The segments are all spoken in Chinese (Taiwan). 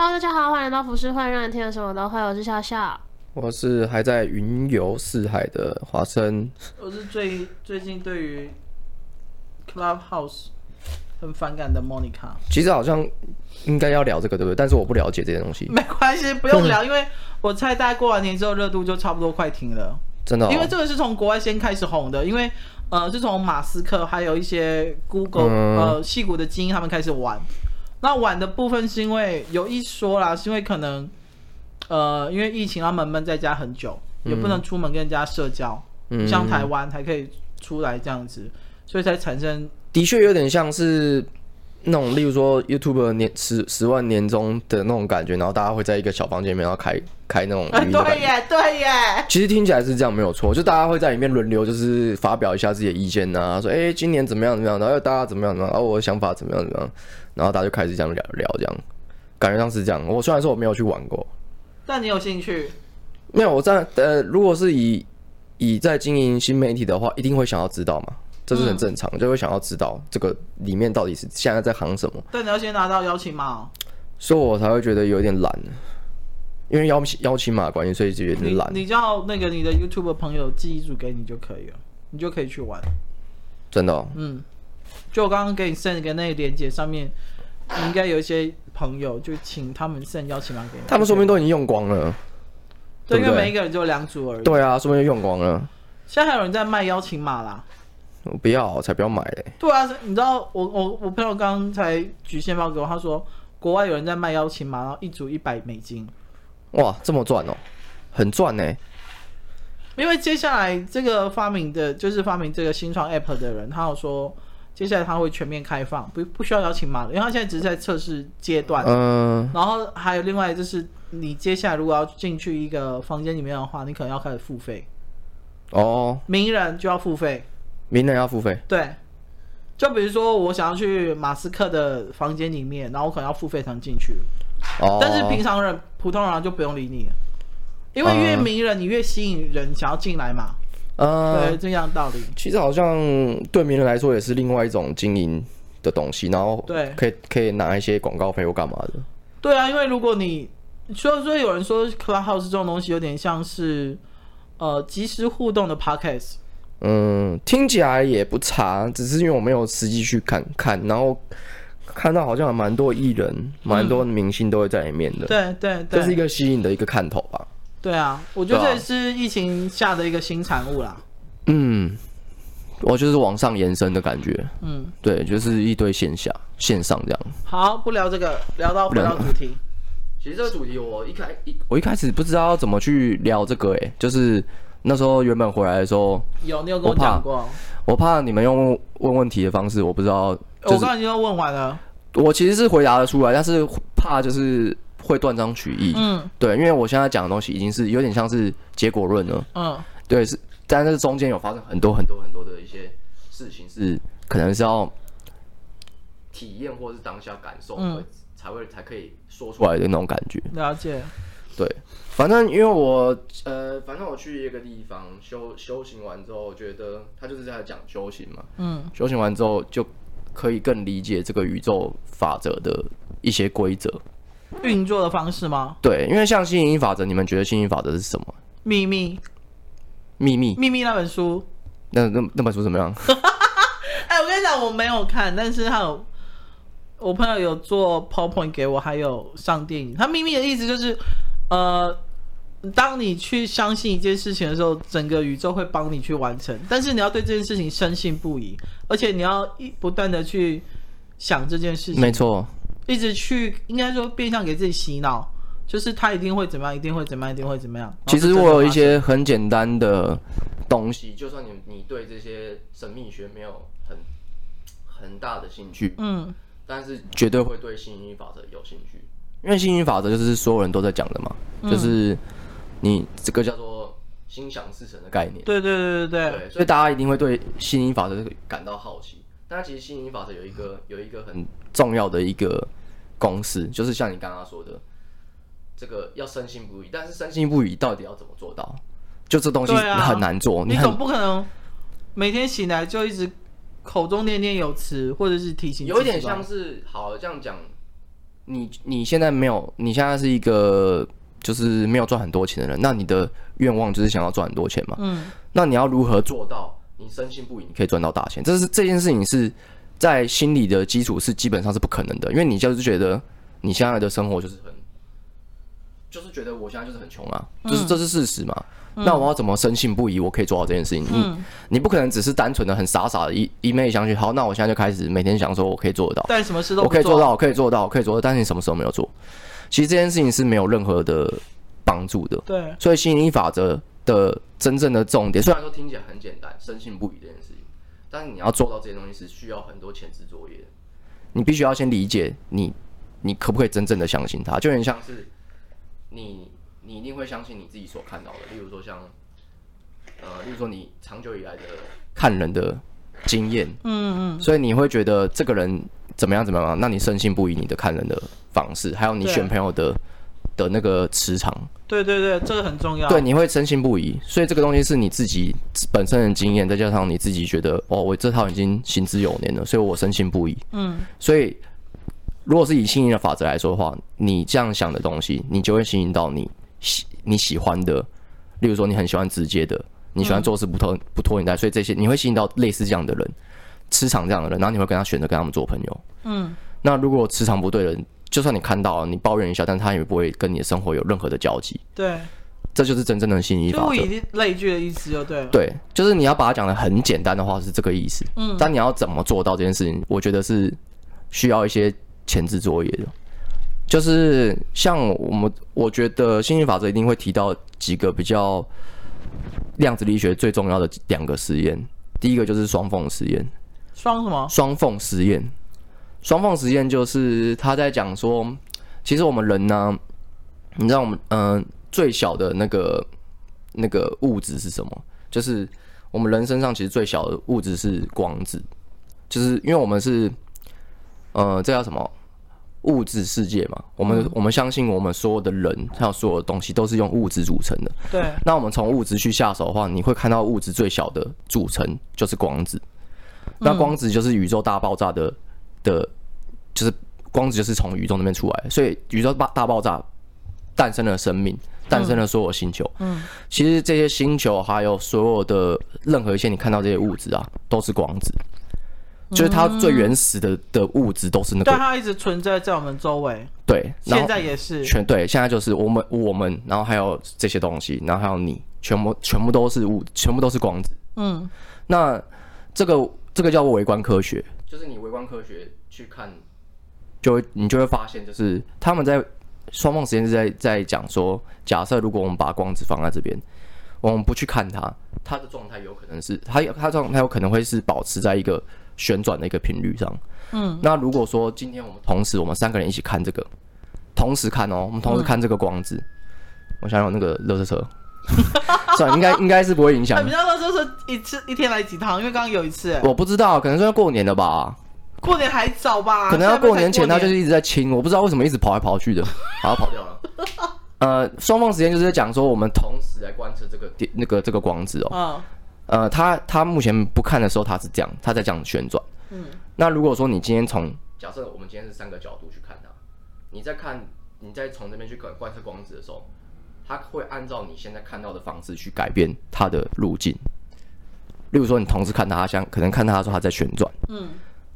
Hello，大家好，歡迎來到浮世幻，歡迎讓你聽得什麼我都壞。我是笑笑，我是還在雲遊四海的華生，我是最最近對於 Clubhouse 很反感的 Monica。其實好像應該要聊這個，對不對？但是我不了解這些東西，沒關係，不用聊， 因為我猜大概過完年之後熱度就差不多快停了。真的、哦，因為這個是從國外先開始紅的，因為呃，是從馬斯克還有一些 Google、嗯、呃矽谷的精英他們開始玩。那晚的部分是因為有一說啦，是因為可能，呃，因為疫情他們悶在家很久、嗯，也不能出門跟人家社交，嗯，像台灣才可以出來這樣子，所以才產生。的確有點像是那種，例如說 YouTube 年十十萬年終的那種感覺，然後大家會在一個小房間裡面，要開開那種、欸。對耶，對耶。其實聽起來是這樣沒有錯，就大家會在裡面輪流就是發表一下自己的意見吶、啊，說哎、欸、今年怎麼樣怎麼樣，然後大家怎麼樣怎麼樣，然後我的想法怎麼樣怎麼樣。然後大家就開始這樣聊聊，這樣感覺上是這樣。我雖然說我沒有去玩過，但你有興趣？沒有，我在呃，如果是以以在經營新媒體的話，一定會想要知道嘛，這是很正常，嗯，就會想要知道這個裡面到底是現在在行什麼。但你要先拿到邀請碼，哦，所以我才會覺得有點懶，因為邀請邀請碼關係，所以就有點懶。你叫那個你的 YouTube 朋友寄一組給你就可以了，你就可以去玩。真的，哦？嗯，就我剛剛給你 send 的那個鏈接上面。你應該有一些朋友，就請他們送邀請碼給你。他們說不定，都已經用光了。對對，對，因為每一個人只有兩組而已。對啊，說不定就用光了。現在還有人在賣邀請碼啦。我不要，我才不要買，欸。對啊，你知道我我我朋友剛才舉線報給我，他說國外有人在賣邀請碼，然後一組一百美金。哇，這麼賺哦，很賺呢。因為接下來這個發明的，就是發明這個新創 app 的人，他有說。接下來它會全面開放，不不需要邀請碼了，因為它現在只是在測試階段。嗯，然後還有另外就是，你接下來如果要進去一個房間裡面的話，你可能要開始付費。哦，名人就要付費。名人要付費。對，就比如說我想要去馬斯克的房間裡面，然後我可能要付費才能進去。哦，但是平常人、普通人就不用理你了，因為越名人、嗯、你越吸引人想要進來嘛。呃，對，這樣的道理。其實好像對名人來說也是另外一種經營的東西，然後對，可以可以拿一些廣告費或幹嘛的。對啊，因為如果你雖然說有人說 Clubhouse 這種東西有點像是呃即時互動的 podcast，嗯，聽起來也不差，只是因為我沒有實際去看看，然後看到好像有蠻多藝人、嗯、蠻多明星都會在裡面的，對對對，這、就是一個吸引的一個看頭吧。對啊，我覺得這也是疫情下的一個新產物啦、啊。嗯，我就是往上延伸的感覺。嗯，對，就是一堆線下、線上這樣。好，不聊這個，聊到回到主題、啊、其實這個主題我一開一，我一開始不知道要怎麼去聊這個誒、欸。就是那時候原本回來的時候，有你有跟我講過。我怕你們用問問題的方式，我不知道。就是、我剛剛已經都問完了。我其實是回答的出來，但是怕就是。會斷章取義，嗯，對，因為我現在講的東西已經是有點像是結果論了，嗯，對，是，但是中間有發生很多很多很多的一些事情，是可能是要體驗或是當下感受的，嗯，才會才可以說出來的那種感覺，了解，對，反正因為我呃，反正我去一個地方修修行完之後，我覺得他就是在講修行嘛，嗯，修行完之後就可以更理解這個宇宙法則的一些規則。運作的方式嗎？對，因為像吸引力法則，你們覺得吸引力法則是什麼？秘密，秘密，秘密那本書？那那那本書怎麼樣？哎、 欸，我跟你講，我沒有看，但是他有，我朋友有做 PowerPoint 給我，還有上電影。他秘密的意思就是，呃，當你去相信一件事情的時候，整個宇宙會幫你去完成，但是你要對這件事情深信不疑，而且你要一不斷的去想這件事情。沒錯。一直去，應該說變相給自己洗腦，就是他一定會怎麼樣，一定會怎麼樣，一定會怎麼樣。其實我有一些很簡單的東西，嗯、就算你你對這些神秘學沒有很很大的興趣，嗯，但是絕對會對吸引力法則有興趣，因為吸引力法則就是所有人都在講的嘛、嗯，就是你這個叫做心想事成的概念。對對對對對，對，對，所以大家一定會對吸引力法則這個感到好奇。但其實吸引力法則有一個有一個很重要的一個公式，就是像你剛剛說的，這個要深信不疑。但是深信不疑到底要怎麼做到？就這東西很難做。啊、你總不可能每天醒來就一直口中念念有詞，或者是提醒。有一點像是，好、啊，這樣講，你你現在沒有，你現在是一個就是沒有賺很多錢的人，那你的願望就是想要賺很多錢嘛？嗯。那你要如何做到？你深信不疑，可以賺到大錢，這是這件事情是在心理的基礎是基本上是不可能的，因為你就是覺得你現在的生活就是很，就是覺得我現在就是很窮啊，就是這是事實嘛。那我要怎麼深信不疑，我可以做好這件事情？你你不可能只是單純的很傻傻的一一昧相信。好，那我現在就開始每天想說我可以做得到，但什麼事都可以做到，可以做到，可以做到，但是你什麼時候沒有做？其實這件事情是沒有任何的幫助的。對，所以吸引力法則，的真正的重點，雖然說聽起來很簡單，深信不疑這件事情，但是你要做到這些東西是需要很多前置作業的。你必須要先理解你，你可不可以真正的相信他？就很像是你，你一定會相信你自己所看到的，例如說像，呃，例如說你長久以來的看人的經驗，嗯嗯，所以你會覺得這個人怎麼樣怎麼樣，那你深信不疑你的看人的方式，還有你選朋友的。啊。的那個磁場，對對對，這個很重要。對，你會深信不疑，所以這個東西是你自己本身的經驗，再加上你自己覺得哦，我這套已經行之有年了，所以我深信不疑。嗯，所以如果是以吸引力法則來說的話，你這樣想的東西，你就會吸引到你喜你喜歡的，例如說你很喜歡直接的，你喜歡做事不拖不拖泥帶，所以這些你會吸引到類似這樣的人，磁場這樣的人，然後你會跟他選擇跟他們做朋友。嗯，那如果磁場不對的人。就算你看到了，你抱怨一下，但他也不會跟你的生活有任何的交集。對，這就是真正的吸引力法則、物以類聚的意思，對了。對，就是你要把它講的很簡單的話是這個意思。嗯，但你要怎麼做到這件事情？我覺得是需要一些前置作業的。就是像我們，我覺得吸引力法則一定會提到幾個比較量子力學最重要的兩個實驗。第一個就是雙縫實驗。雙什麼？雙縫實驗。雙縫實驗就是他在講說，其實我們人呢、啊，你知道我們嗯、呃、最小的那個那個物質是什麼？就是我們人身上其實最小的物質是光子，就是因為我們是呃這叫什麼物質世界嘛？我們我們相信我們所有的人還有所有的東西都是用物質組成的。對。那我們從物質去下手的話，你會看到物質最小的組成就是光子。那光子就是宇宙大爆炸的的。就是光子就是從宇宙那邊出來，所以宇宙大大爆炸誕生了生命，誕生了所有星球。嗯，其實這些星球還有所有的任何一些你看到這些物質啊，都是光子，就是它最原始的的物質都是那個。但它一直存在在我們周圍，對，現在也是全對。現在就是我們我們，然後還有這些東西，然後還有你，全部全部都是物，全部都是光子。嗯，那這個這個叫微觀科學，就是你微觀科學去看。就你就會發現，就是他們在雙縫實驗是在在講說，假設如果我們把光子放在這邊，我們不去看它，它的狀態有可能是它它狀態有可能會是保持在一個旋轉的一個頻率上。嗯，那如果說今天我們同時我們三個人一起看這個，同時看哦，我們同時看這個光子，嗯、我想想那個垃圾車， 算應該應該是不會影響、 哎。比較多就說，說一次一天來幾趟，因為剛剛有一次、欸，我不知道，可能要過年了吧。過年還早吧，可能要過年前他就是一直在清，我不知道為什麼一直跑來跑去的，好 像跑掉來了跑。 呃，雙縫實驗就是在講說，我們同時來觀測這個電 那個這個光子哦。哦呃，他他目前不看的時候，他是這樣，他在這樣子旋轉。嗯。那如果說你今天從假設我們今天是三個角度去看它，你在看你在從這邊去觀測光子的時候，它會按照你現在看到的方式去改變它的路徑。例如說，你同時看他像可能看他說他在旋轉。嗯。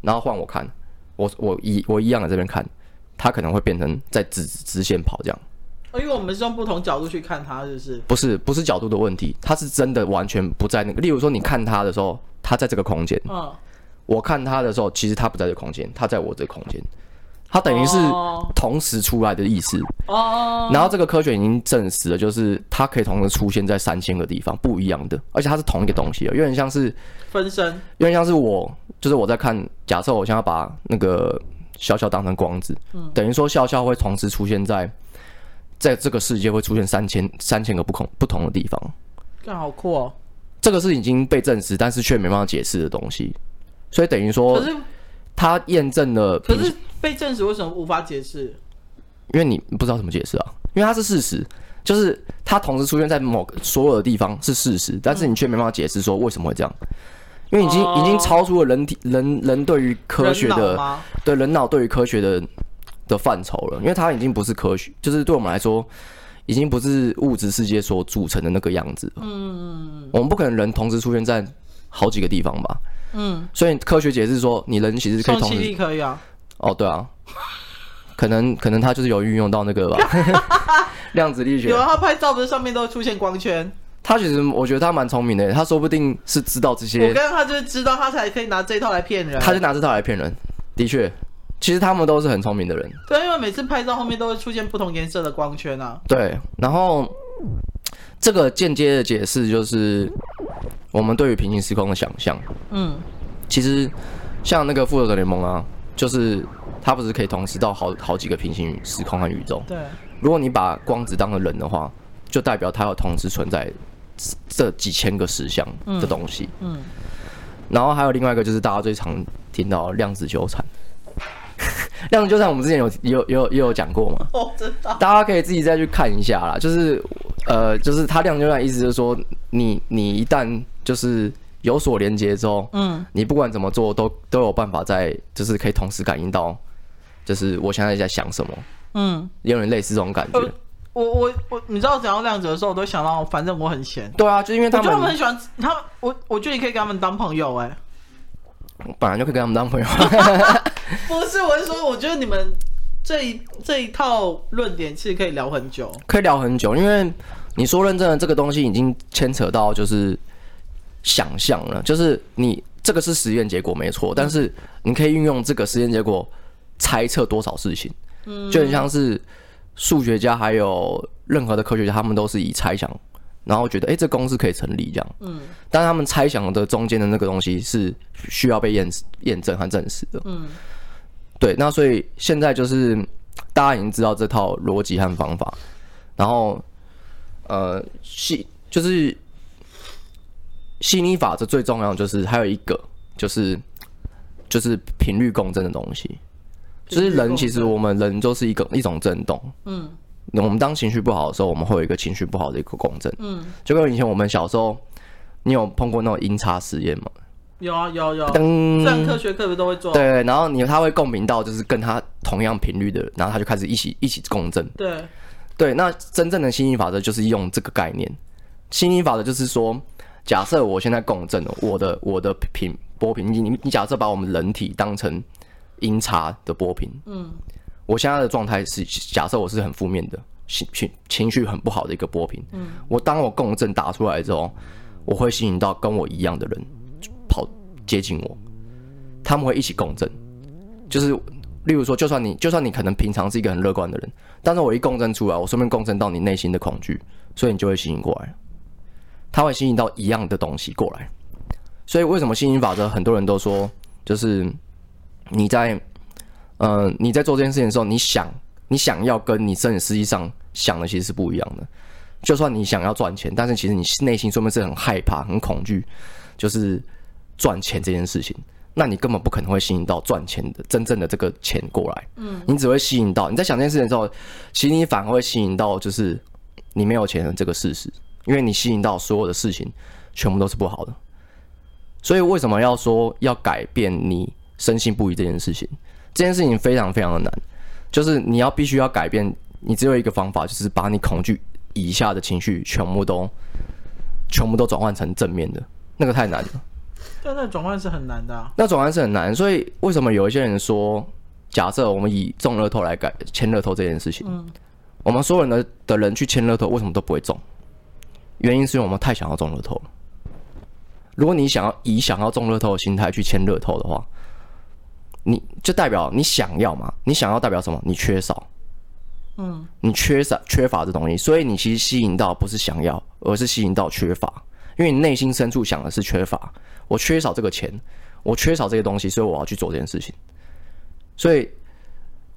然後換我看，我我一我一樣的這邊看，他可能會變成在直直線跑這樣。因為我們是用不同角度去看他，是不是？不是不是角度的問題，他是真的完全不在那個。例如說，你看他的時候，他在這個空間。嗯。我看他的時候，其實他不在這個空間，他在我這個空間。它等於是同時出來的意思、oh.，oh. oh. 然後這個科學已經證實了，就是它可以同時出現在三千個地方，不一樣的，而且它是同一個東西，有點像是分身，有點像是我，就是我在看，假設我想要把那個笑笑當成光子，嗯、等於說笑笑會同時出現在在這個世界會出現三千三千個不同不同的地方，這樣好酷哦！這個是已經被證實，但是卻沒辦法解釋的東西，所以等於說。他驗證了，可是被證實，為什麼無法解釋？因為你不知道怎麼解釋啊！因為它是事實，就是它同時出現在某所有的地方是事實，嗯，但是你卻沒辦法解釋說為什麼會這樣，因為已經、哦、已經超出了人體人人對於科學的人對人腦對於科學的的範疇了，因為它已經不是科學，就是對我們來說，已經不是物質世界所組成的那個樣子了。嗯，我們不可能人同時出現在好幾個地方吧？嗯，所以科學解釋說，你人其實可以同時，重力可以啊。哦，對啊， 可能可能他就是有運用到那個吧， 量子力學。有啊，他拍照不是上面都會出現光圈？他其實我覺得他蠻聰明的，他說不定是知道這些。我剛剛他就是知道，他才可以拿這一套來騙人。他就拿這套來騙人，的確，其實他們都是很聰明的人。對啊，因為每次拍照後面都會出現不同顏色的光圈啊。對，然後這個間接的解釋就是。我們對於平行時空的想象，嗯，其實像那個《復仇者聯盟》啊，就是它不只是可以同時到好好幾個平行時空和宇宙？對。如果你把光子當成人的話，就代表它要同時存在這幾千個實相的東西。嗯。嗯，然後還有另外一個，就是大家最常聽到量子糾纏。 量子糾纏，我們之前有有有有講過嗎？哦，知道。大家可以自己再去看一下啦。就是，呃，就是他量子糾纏意思就是說，你你一旦就是有所連接之後，嗯，你不管怎麼做都，都都有辦法在，就是可以同時感應到，就是我現在在想什麼，嗯，有點類似這種感覺。呃、我我我，你知道講到量子的時候，我都想到我，反正我很閒。對啊，就因為他們，我覺得他們很喜歡，他們，我我覺得你可以給他們當朋友哎、欸。我本來就可以跟他們當朋友 不是？我是說，我覺得你們這一這一套論點其實可以聊很久，可以聊很久，因為你說“認證”這個東西已經牽扯到就是想象了，就是你這個是實驗結果沒錯，但是你可以運用這個實驗結果猜測多少事情，就很像是數學家還有任何的科學家，他們都是以猜想。然後覺得，哎，這公司可以成立這樣。嗯，但他們猜想的中間的那個東西是需要被驗證驗證和證實的。嗯，對。那所以現在就是大家已經知道這套邏輯和方法，然後，呃，吸就是，吸引力法則最重要就是還有一個就是就是頻率共振的東西，就是人其實我們人就是一個一種震動。嗯。我們當情緒不好的時候，我們會有一個情緒不好的一個共振。嗯，就跟以前我們小時候，你有碰過那種音差實驗嗎？有啊，有啊有、啊。噔，噔，上科學課不都會做？對，然後你他會共鳴到，就是跟他同樣頻率的，然後他就開始一起一起共振。對，對，那真正的吸引法則就是用這個概念。吸引法則就是說，假設我現在共振了我的我的頻波頻，你你假設把我們人體當成音差的波頻，嗯。我現在的狀態是，假設我是很負面的情緒，情緒很不好的一個波頻。嗯，我當我共振打出來之後，我會吸引到跟我一樣的人跑接近我，他們會一起共振。就是，例如說，就算你，就算你可能平常是一個很樂觀的人，但是我一共振出來，我順便共振到你內心的恐懼，所以你就會吸引過來。他會吸引到一樣的東西過來。所以為什麼吸引力法則很多人都說，就是你在。嗯，你在做這件事情的時候，你想你想要跟你身體實際上想的其實是不一樣的。就算你想要賺錢，但是其實你內心說不定是很害怕、很恐懼，就是賺錢這件事情，那你根本不可能會吸引到賺錢的真正的這個錢過來。嗯，你只會吸引到你在想這件事情的時候，其實你反而會吸引到就是你沒有錢的這個事實，因為你吸引到所有的事情全部都是不好的。所以為什麼要說要改變你深信不疑這件事情？這件事情非常非常的難，就是你要必須要改變，你只有一個方法，就是把你恐懼以下的情緒全部都，全部都轉換成正面的，那個太難了。但那轉換是很難的啊。那轉換是很難，所以為什麼有一些人說，假設我們以中樂透來改簽樂透這件事情，嗯，我們所有人的的人去簽樂透，為什麼都不會中？原因是因為我們太想要中樂透了。如果你想要以想要中樂透的心態去簽樂透的話。你就代表你想要嘛。你想要代表什麼？你缺少，嗯，你缺少缺乏這東西，所以你其實吸引到不是想要，而是吸引到缺乏，因為你內心深處想的是缺乏。我缺少這個錢，我缺少這些東西，所以我要去做這件事情。所以，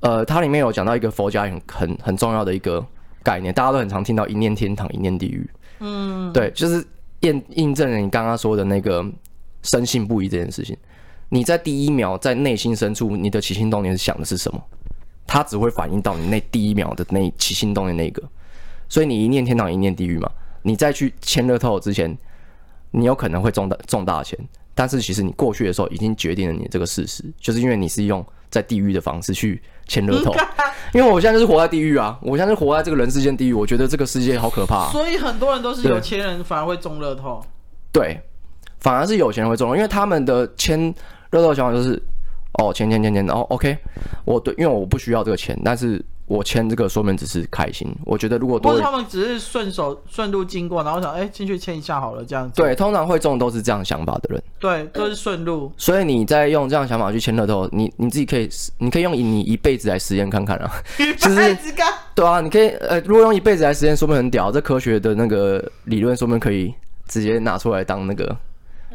呃，它裡面有講到一個佛家很很很重要的一個概念，大家都很常聽到“一念天堂，一念地獄”。嗯，對，就是驗印證了你剛剛說的那個深信不疑這件事情。你在第一秒，在內心深處，你的起心動念是想的是什麼？它只會反映到你那第一秒的那起心動念那個。所以你一念天堂，一念地獄嘛。你再去簽樂透之前，你有可能會中大中大錢，但是其實你過去的時候已經決定了你這個事實，就是因為你是用在地獄的方式去簽樂透。 因為我現在就是活在地獄啊，我現在是活在這個人世間地獄。我覺得這個世界好可怕啊。所以很多人都是有錢人反而會中樂透。對。對。反而是有錢人會中，因為他們的簽樂透想法就是，哦簽簽簽簽，然後、哦、OK，我對，因為我不需要這個錢，但是我簽這個說明只是開心。我覺得如果或者他們只是順手順路經過，然後想哎進、欸、去簽一下好了這樣子。對，通常會中都是這樣想法的人，對，都是順路、嗯。所以你在用這樣想法去簽樂透，你你自己可以，你可以用你一輩子來實驗看看啊，一輩子幹、 就是。對啊，你可以呃如果用一輩子來實驗，說不定很屌，這科學的那個理論說不定可以直接拿出來當那個。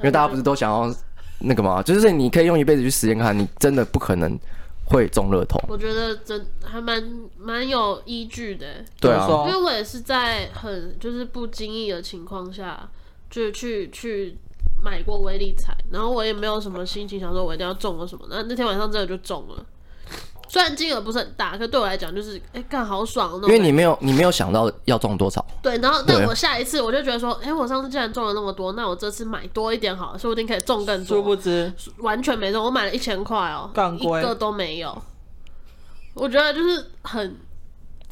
因為大家不是都想要那個嗎？就是你可以用一輩子去實驗看，看你真的不可能會中樂透。我覺得真還蠻蠻有依據的。對啊、就是，因為我也是在很就是不經意的情況下，就去去買過威力彩，然後我也沒有什麼心情想說我一定要中了什麼，那那天晚上真的就中了。雖然金額不是很大，可對我來講就是，哎、欸，幹好爽那種。因為你沒有，你沒有想到要中多少。對，然後，但我下一次我就覺得說，哎、欸，我上次竟然中了那麼多，那我這次買多一點好了，說不定可以中更多。殊不知，完全沒中，我買了一千塊哦、喔，一個都沒有。我覺得就是很、那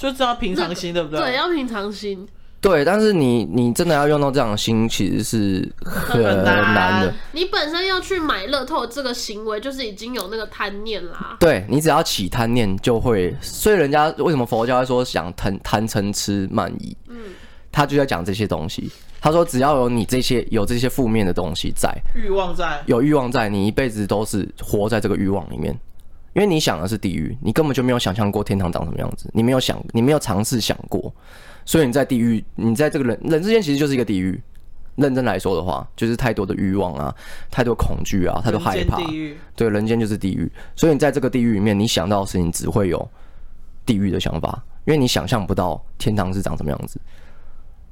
個，就是要平常心，對不對？對，要平常心。對，但是你你真的要用到這樣的心，其實是很難的。難，你本身要去買樂透，這個行為就是已經有那個貪念啦。對，你只要起貪念，就會，所以人家為什麼佛教會說想貪，貪嗔痴慢疑，嗯，他就在講這些東西。他說只要有你這些有這些負面的東西在，欲望在，有欲望在，你一輩子都是活在這個欲望裡面，因為你想的是地獄，你根本就沒有想象過天堂長什麼樣子，你沒有想，你沒有嘗試想過。所以你在地獄，你在這個人人之間其實就是一個地獄。認真來說的話，就是太多的欲望啊，太多恐懼啊，太多害怕。地對，人間就是地獄。所以你在這個地獄裡面，你想到的事情只會有地獄的想法，因為你想象不到天堂是長什麼樣子。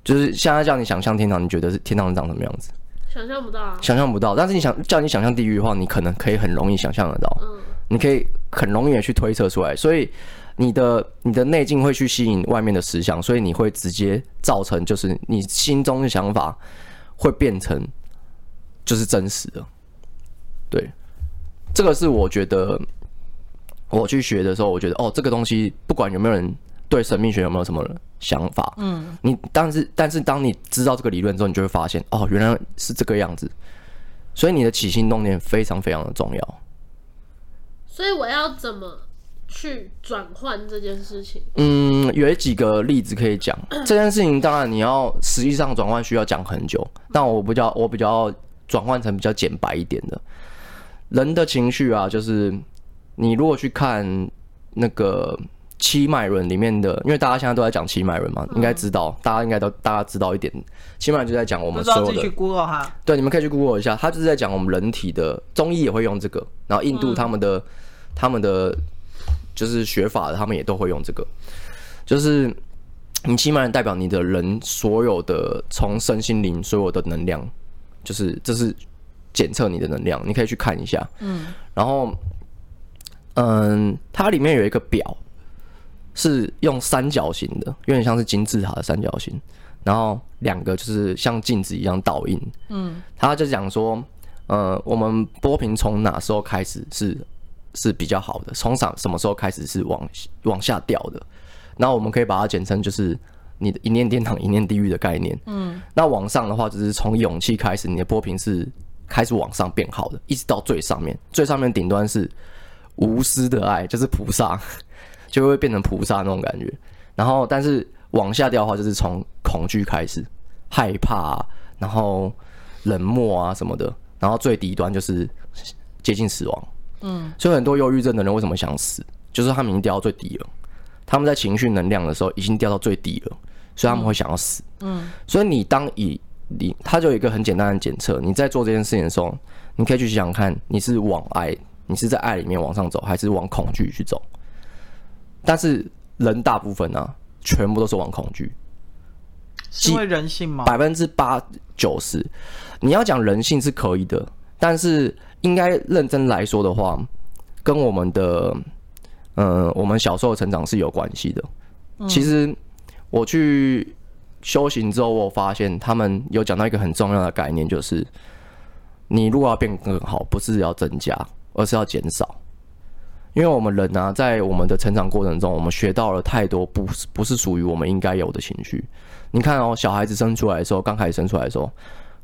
就是現在叫你想象天堂，你覺得是天堂是長什麼樣子？想象不到啊。想象不到，但是你想叫你想象地獄的話，你可能可以很容易想象得到。嗯。你可以很容易的去推測出來，所以。你的你的內境會去吸引外面的實相，所以你會直接造成，就是你心中的想法會變成就是真實的。對，這個是我覺得我去學的時候，我覺得哦，這個東西不管有沒有人對神秘學有沒有什麼想法，嗯，你但是但是當你知道這個理論之後，你就會發現哦，原來是這個樣子。所以你的起心動念非常非常的重要。所以我要怎麼？去轉換這件事情，嗯，有幾個例子可以講。 這件事情當然你要實際上轉換需要講很久，嗯，但我比較，我比較轉換成比較簡白一點的。人的情緒啊，就是你如果去看那個七脈輪裡面的，因為大家現在都在講七脈輪嘛，嗯、應該知道大家應該都大家知道一點。七脈輪就在講我們說的。自己去 Google 哈，對，你們可以去 Google 一下，他就是在講我們人體的中醫也會用這個，然後印度他們的、嗯、他們的。就是學法的，他們也都會用這個。就是你起碼代表你的人所有的從身心靈所有的能量，就是這是檢測你的能量，你可以去看一下。嗯。然後，嗯，它裡面有一個表，是用三角形的，有點像是金字塔的三角形。然後兩個就是像鏡子一樣倒映。嗯。它就講說，呃、嗯，我們波頻從哪時候開始是？是比較好的。從上什麼時候開始是往往下掉的？那我們可以把它簡稱就是你的“一念天堂，一念地獄”的概念。嗯。那往上的話，就是從勇氣開始，你的波平是開始往上變好的，一直到最上面。最上面頂端是無私的愛，就是菩薩，就會變成菩薩那種感覺。然後，但是往下掉的話，就是從恐懼開始，害怕啊，然後冷漠啊什麼的。然後最底端就是接近死亡。嗯，所以很多憂鬱症的人為什麼想死，就是他們已經掉到最低了，他們在情緒能量的時候已經掉到最低了，所以他們會想要死。嗯，嗯，所以你當以你，他就有一個很簡單的檢測，你在做這件事情的時候，你可以去想想看你是往愛，你是在愛裡面往上走，還是往恐懼去走？但是人大部分呢、啊，全部都是往恐懼，是因為人性嗎？百分之八九十，8, 90，你要講人性是可以的，但是。應該認真來說的話，跟我們的，嗯，呃，我們小時候的成長是有關係的。嗯。其實我去修行之後，我發現他們有講到一個很重要的概念，就是你如果要變更好，不是要增加，而是要減少。因為我們人啊，在我們的成長過程中，我們學到了太多不是不是屬於我們應該有的情緒。你看哦，小孩子生出來的時候，剛開始生出來的時候，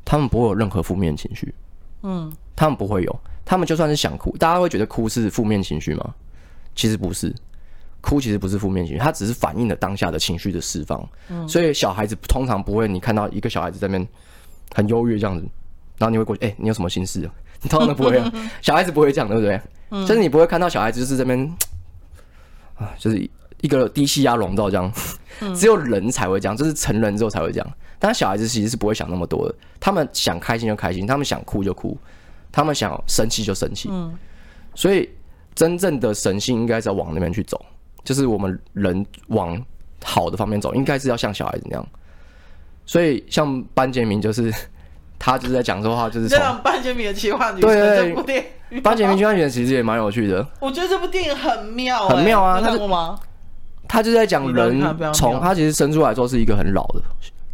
他們不會有任何負面情緒。嗯，他們不會有，他們就算是想哭，大家會覺得哭是負面情緒嗎？其實不是，哭其實不是負面情緒，它只是反映了當下的情緒的釋放。嗯，所以小孩子通常不會，你看到一個小孩子在那邊很憂鬱這樣子，然後你會過去，哎、欸，你有什麼心事？你通常都不會、啊， 小孩子不會這樣，對不對？嗯，就是你不會看到小孩子就是這邊啊，就是一個低氣壓籠罩這樣， 只有人才會這樣，就是成人之後才會這樣。但小孩子其實是不會想那麼多的，他們想開心就開心，他們想哭就哭，他們想生氣就生氣、嗯。所以真正的神性應該是要往那邊去走，就是我們人往好的方面走，應該是要像小孩子那樣。所以像班傑明就是 他就是在講說話，就是像 班傑明的奇幻旅程。對對，對，部電影班傑明奇幻旅程其實也蠻有趣的。 我覺得這部電影很妙、欸，很妙啊！看過嗎？他就，他就是在講人從他，他其實生出來說是一個很老的。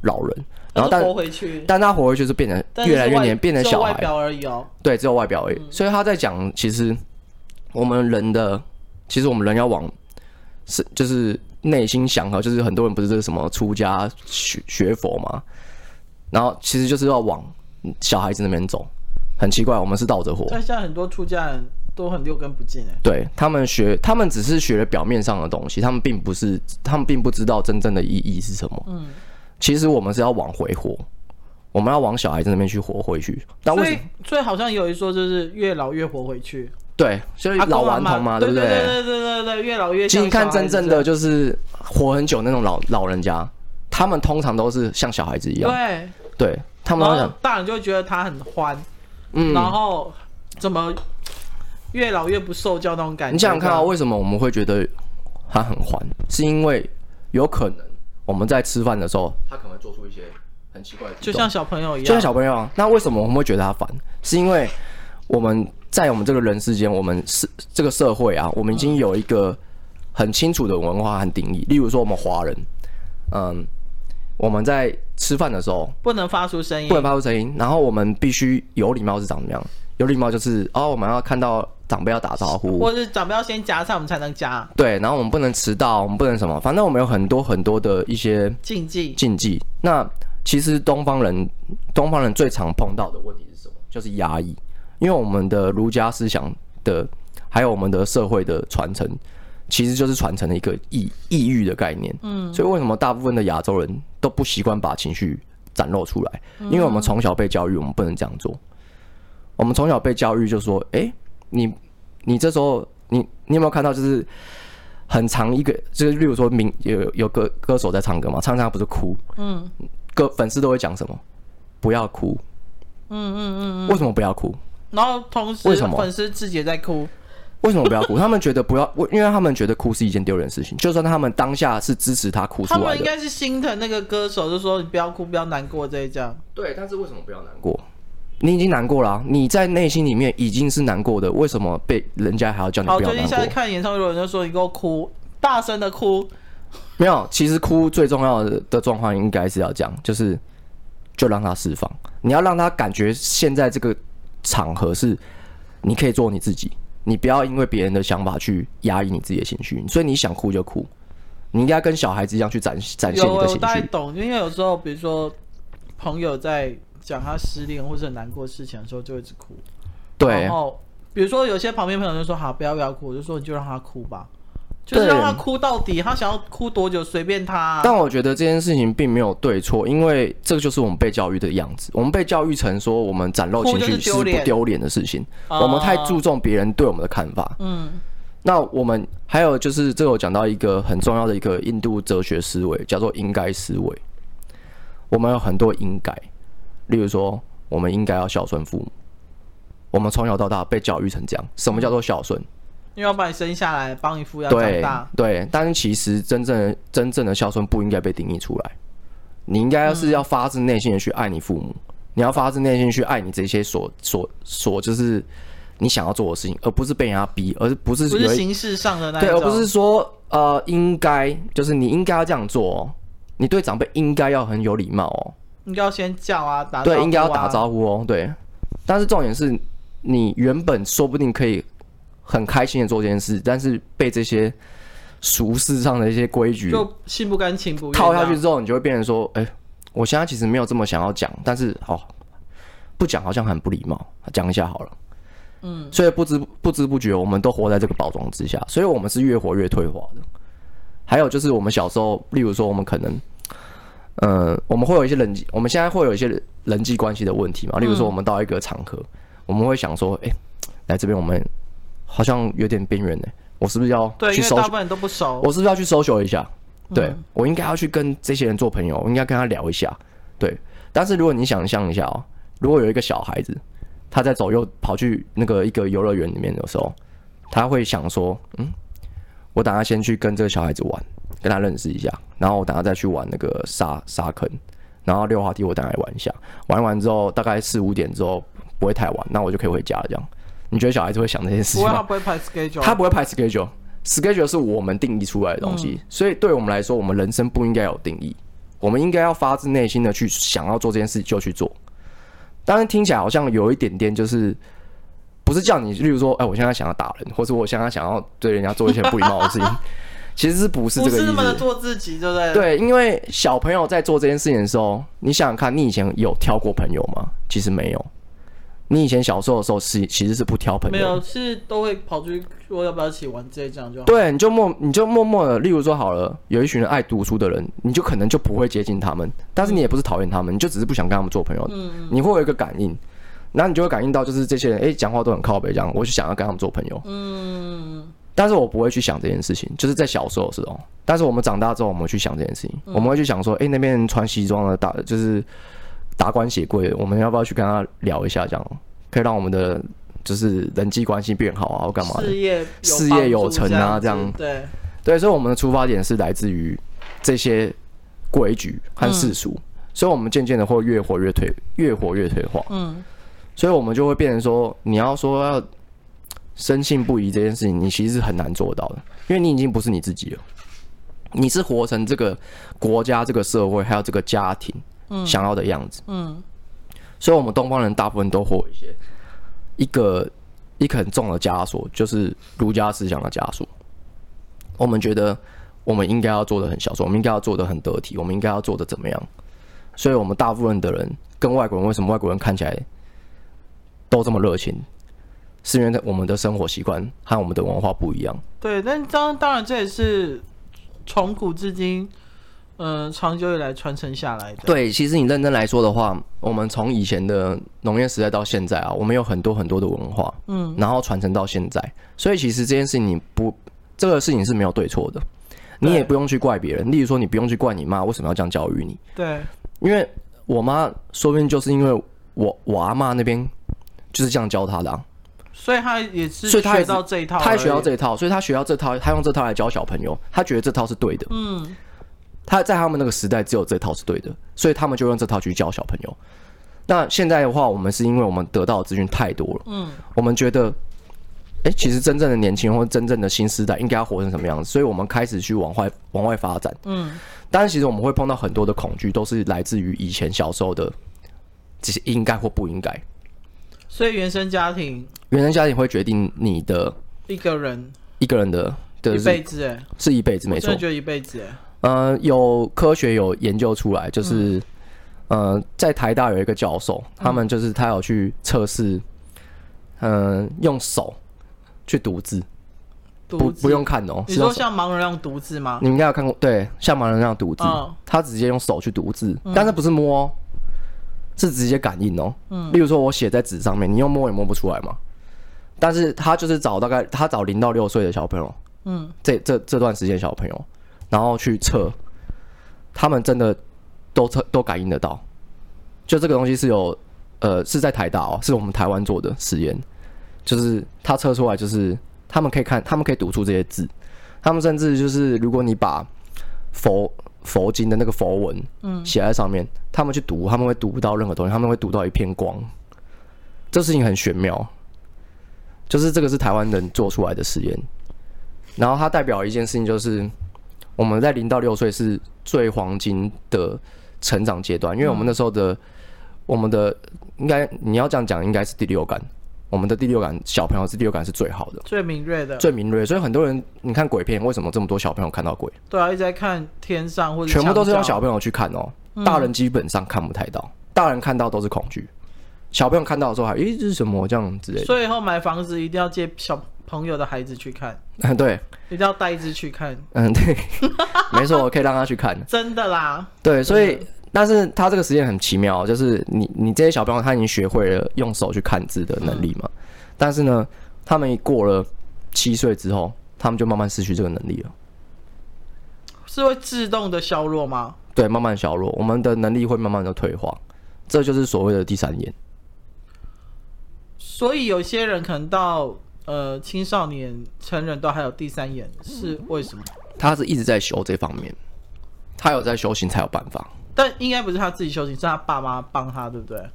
老人，然後但活回去，但他活回去就變是變得越來越年，變成小孩外表而已哦。對，只有外表而已。嗯，所以他在講，其實我們人的，其實我們人要往是就是內心想好，就是很多人不是這個什麼出家學學佛嘛，然後其實就是要往小孩子那邊走。很奇怪，我們是倒着活。那現在很多出家人都很六根不淨哎。對，他們學，他們只是學了表面上的東西，他們並不是，他們並不知道真正的意義是什麼。嗯。其實我們是要往回活，我們要往小孩子那邊去活回去。但為什麼？所以，所以好像有一說，就是越老越活回去。對，所以老頑童嘛，啊、對不對？對對對對對，越老越。其實看真正的就是活很久那種老老人家，他們通常都是像小孩子一樣。對對，他們。然後大人就會覺得他很歡，嗯，然後怎麼越老越不受教那種感覺。你想看，看為什麼我們會覺得他很歡？是因為有可能。我們在吃飯的時候，他可能做出一些很奇怪的，就像小朋友一樣，就像小朋友啊。那為什麼我們會覺得他煩？是因為我們在我們這個人世間，我們是這個社會啊，我們已經有一個很清楚的文化和定義。例如說，我們華人，嗯，我們在吃飯的時候不能發出聲音，不能發出聲音。然後我們必須有禮貌是長怎麼樣？有禮貌就是哦，我們要看到，長輩要打招呼，或是長輩要先夾菜，我們才能夾。對，然後我們不能遲到，我們不能什麼，反正我們有很多很多的一些禁忌禁忌。那其實東方人，東方人最常碰到的問題是什麼？就是壓抑，因為我們的儒家思想的，還有我們的社會的傳承，其實就是傳承了一個抑抑鬱的概念。嗯，所以為什麼大部分的亞洲人都不習慣把情緒展露出來？嗯、因為我們從小被教育，我們不能這樣做。我們從小被教育，就說，哎、欸。你你這時候你你有沒有看到，就是很長一個就是例如說明有有歌歌手在唱歌嘛，唱唱不是哭，嗯，歌粉絲都會講什麼？不要哭，嗯嗯嗯，為什麼不要哭？然後同時為什麼粉絲自己也在哭？為什， 為什麼不要哭？他們覺得不要，為因為他們覺得哭是一件丟人的事情。就算他們當下是支持他哭出來，他們應該是心疼那個歌手，就說，你不要哭，不要難過這一家。對，但是為什麼不要難過？你已經難過了啊，你在內心裡面已經是難過的，為什麼被人家還要叫你不要難過？好，最近現在看演唱會有人就說，你給我哭，大聲的哭。沒有，其實哭最重要的狀況應該是要講，就是就讓他釋放。你要讓他感覺現在這個場合是你可以做你自己，你不要因為別人的想法去壓抑你自己的情緒。所以你想哭就哭，你應該跟小孩子一樣去展展現你的情緒。我大概懂，因為有時候比如說朋友在。講他失戀或者很難過事情的時候，就一直哭。對，比如說有些旁邊朋友就說：“好，不要不要哭。”我就說：“你就讓他哭吧，就是讓他哭到底，他想要哭多久隨便他啊。”但我覺得這件事情並沒有對錯，因為這就是我們被教育的樣子。我們被教育成說，我們展露情緒是不丟臉的事情。我們太注重別人對我們的看法。嗯。那我們還有就是，這有講到一個很重要的一個印度哲學思維，叫做“應該思維”。我們有很多“應該”。例如說，我們應該要孝順父母。我們從小到大被教育成這樣，什麼叫做孝順？因為要把你生下來，幫你撫養長大對。對，但其實真正的真正的孝順不應該被定義出來。你應該是要發自內心的去愛你父母，嗯、你要發自內心去愛你這些所所所，所就是你想要做的事情，而不是被人家逼，而不是不是形式上的那種。對，而不是說呃，應該就是你應該要這樣做哦。你對長輩應該要很有禮貌哦。應該要先叫啊，打啊對，應該要打招呼哦，對。但是重點是，你原本說不定可以很開心的做這件事，但是被這些俗世上的一些規矩就心不甘情不願，套下去之後，你就會變成說，哎、欸，我現在其實沒有這麼想要講，但是哦，不講好像很不禮貌，講一下好了。嗯，所以不知不知不覺，我們都活在這個包裝之下，所以我們是越活越退化的。還有就是我們小時候，例如說我們可能。嗯、呃，我們會有一些人際，我們現在會有一些人際關係的問題嘛？例如說，我們到一個場合，嗯、我們會想說，哎、欸，來這邊我們好像有點邊緣呢，我是不是要去對？因為大部分人都不熟，我是不是要去 social 一下？對。嗯、我應該要去跟這些人做朋友，我應該跟他聊一下。對。但是如果你想象一下哦、喔，如果有一個小孩子，他在左右跑去那個一個遊樂園裡面的時候，他會想說，嗯。我等下先去跟這個小孩子玩，跟他認識一下，然後我等下再去玩那個沙沙坑，然後溜滑梯，我等下來玩一下，玩一玩之後大概四五點之後不會太晚，那我就可以回家這樣。你覺得小孩子會想那些事情嗎？不會，不會拍 schedule。他不會拍 schedule，schedule、啊、schedule 是我們定義出來的東西，嗯、所以對我們來說，我們人生不應該有定義，我們應該要發自內心的去想要做這件事就去做。當然聽起來好像有一點點就是。不是叫你，例如說，哎、欸，我現在想要打人，或者我現在想要對人家做一些不禮貌的事情， 其實是不是這個意思？不是那麼，做自己，對對？對，因為小朋友在做這件事情的時候，你想想看，你以前有挑過朋友嗎？其實沒有。你以前小時候的時候，是其實是不挑朋友，沒有，是都會跑出去說要不要一起玩這樣就好。對，你就默，你就默默的，例如說好了，有一群人愛讀書的人，你就可能就不會接近他們，但是你也不是討厭他們，你就只是不想跟他們做朋友。嗯，嗯。你會有一個感應。那你就會感應到，就是這些人，哎，講話都很靠北，這樣我就想要跟他們做朋友。嗯，但是我不會去想這件事情，就是在小時候是哦，但是我們長大之後，我們會去想這件事情，嗯，我們會去想說，哎，那邊穿西裝的達，就是達官顯貴，我們要不要去跟他聊一下，這樣可以讓我們的就是人際關係變好啊，或幹嘛的？事業事業有成啊這，這樣。對對，所以我們的出發點是來自於這些規矩和世俗，嗯。所以我們漸漸的會越活越退，越活越退化。嗯。所以我們就會變成說，你要說要深信不疑這件事情，你其實是很難做到的，因為你已經不是你自己了，你是活成這個國家、這個社會還有這個家庭想要的樣子。嗯，所以我們東方人大部分都活一些一個一個很重的枷鎖，就是儒家思想的枷鎖。我們覺得我們應該要做得很孝順，我們應該要做的很得體，我們應該要做的怎麼樣？所以我們大部分的人跟外國人為什麼外國人看起來？都這麼熱情，是因為我們的生活習慣和我們的文化不一樣。對，但當當然這也是從古至今，嗯、呃，長久以來傳承下來的。對，其實你認真來說的話，我們從以前的農業時代到現在啊，我們有很多很多的文化，嗯，然後傳承到現在。所以其實這件事情你不這個事情是沒有對錯的，你也不用去怪別人。例如說，你不用去怪你媽為什麼要這樣教育你。對，因為我媽說不定就是因為我我阿嬤那邊。就是這樣教他的、啊，所以他也是，所以他學到這一套，他學到這一套，所以他學到這套，他用這套來教小朋友，他覺得這套是對的。嗯，他在他們那個時代只有這套是對的，所以他們就用這套去教小朋友。那現在的話，我們是因為我們得到的資訊太多了，嗯，我們覺得，哎、欸，其實真正的年輕或真正的新時代應該要活成什麼樣子？所以我們開始去往外往外發展。嗯，但是其實我們會碰到很多的恐懼，都是來自於以前小時候的，其實應該或不應該。所以原生家庭，原生家庭會決定你的一個人，一個人的，的一輩子、欸，哎，是一輩子沒錯，沒錯、欸，就一輩子，哎，有科學有研究出來，就是，嗯、呃，在台大有一個教授，他們就是他有去測試，嗯、呃，用手去讀字，字不不用看哦、喔，你說像盲人一樣讀字嗎？你們應該有看過，對，像盲人一樣讀字、哦，他直接用手去讀字，嗯、但是不是摸。是直接感應哦，嗯，例如說，我寫在紙上面，你用摸也摸不出來嘛。但是他就是找大概，他找零到六歲的小朋友，嗯，這這這段時間小朋友，然後去測，他們真的都測都感應得到。就這個東西是有，呃，是在台大哦，是我們台灣做的實驗，就是他測出來，就是他們可以看，他們可以讀出這些字，他們甚至就是如果你把佛。佛經的那個佛文，寫在上面，嗯，他們去讀，他們會讀不到任何東西，他們會讀到一片光。這事情很玄妙，就是這個是台灣人做出來的實驗，然後它代表一件事情，就是我們在零到六歲是最黃金的成長階段，因為我們那時候的我們的應該你要這樣講，應該是第六感。我們的第六感，小朋友是第六感是最好的，最敏銳的，最敏銳。所以很多人，你看鬼片，為什麼這麼多小朋友看到鬼？對啊，一直在看天上或者……全部都是讓小朋友去看哦、嗯，大人基本上看不太到，大人看到都是恐懼，小朋友看到的時候還咦、欸、這是什麼這樣之類的。所以以後買房子一定要借小朋友的孩子去看，嗯對，一定要帶一隻去看，嗯對， 沒錯，我可以讓他去看， 真的啦，對，所以。所以但是他這個實驗很奇妙，就是你你這些小朋友他已經學會了用手去看字的能力嘛？但是呢，他們一過了七歲之後，他們就慢慢失去這個能力了，是會自動的削弱嗎？對，慢慢削弱，我們的能力會慢慢的退化，這就是所謂的第三眼。所以有些人可能到呃青少年成人都還有第三眼，是為什麼？他是一直在修這方面，他有在修行才有辦法。但應該不是他自己修行，是他爸媽幫他，對不對？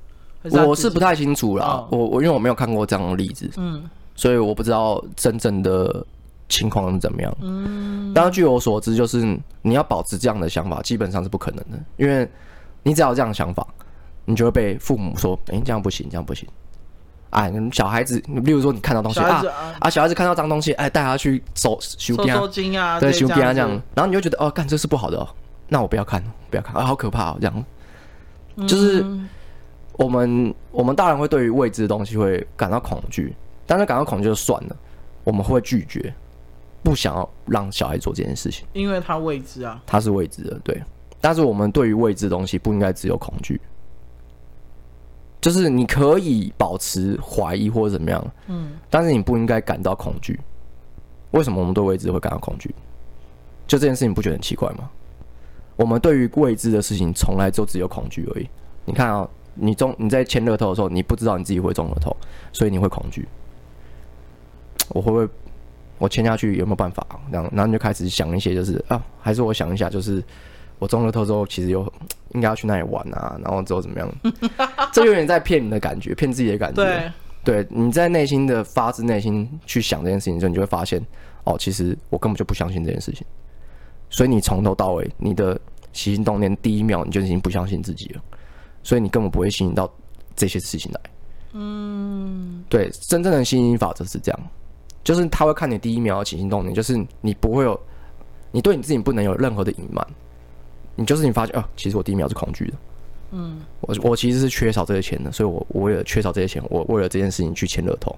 我是不太清楚啦。哦、我我因為我沒有看過這樣的例子，嗯，所以我不知道真正的情況是怎麼樣。嗯，但據我所知，就是你要保持這樣的想法，基本上是不可能的，因為你只要有這樣的想法，你就會被父母說，哎、欸，這樣不行，這樣不行。哎，小孩子，例如說你看到東西啊啊，啊，小孩子看到髒東西，哎，帶他去修收、收、啊、收驚啊，對，收驚啊，這，這樣，然後你就覺得哦，干這是不好的、啊。那我不要看，不要看啊、哎！好可怕哦，這樣就是、嗯、我們我們大人會對於未知的東西會感到恐懼，但是感到恐懼就算了，我們會拒絕，不想要讓小孩做這件事情，因為他未知啊，他是未知的，對。但是我們對於未知的東西不應該只有恐懼，就是你可以保持懷疑或者怎麼樣，嗯，但是你不應該感到恐懼。為什麼我們對未知會感到恐懼？就這件事情不覺得很奇怪嗎？我們對於未知的事情，從來就只有恐懼而已。你看啊，你中你在簽樂透的時候，你不知道你自己會中樂透，所以你會恐懼。我會不會我簽下去有沒有辦法？然後然後你就開始想一些，就是啊，還是我想一下，就是我中樂透之後，其實有應該要去哪裡玩啊？然後之後怎麼樣？這有點在騙你的感覺，騙自己的感覺。對，你在內心的發自內心去想這件事情的時候，你就會發現，哦，其實我根本就不相信這件事情。所以你從頭到尾，你的起心動念第一秒你就已經不相信自己了，所以你根本不會吸引到這些事情來。嗯，對，真正的吸引法則是這樣，就是他會看你第一秒起心動念，就是你不會有，你對你自己不能有任何的隱瞞，你就是你發現，啊，其實我第一秒是恐懼的，嗯，我我其實是缺少這些錢的，所以我我為了缺少這些錢，我為了這件事情去簽了頭，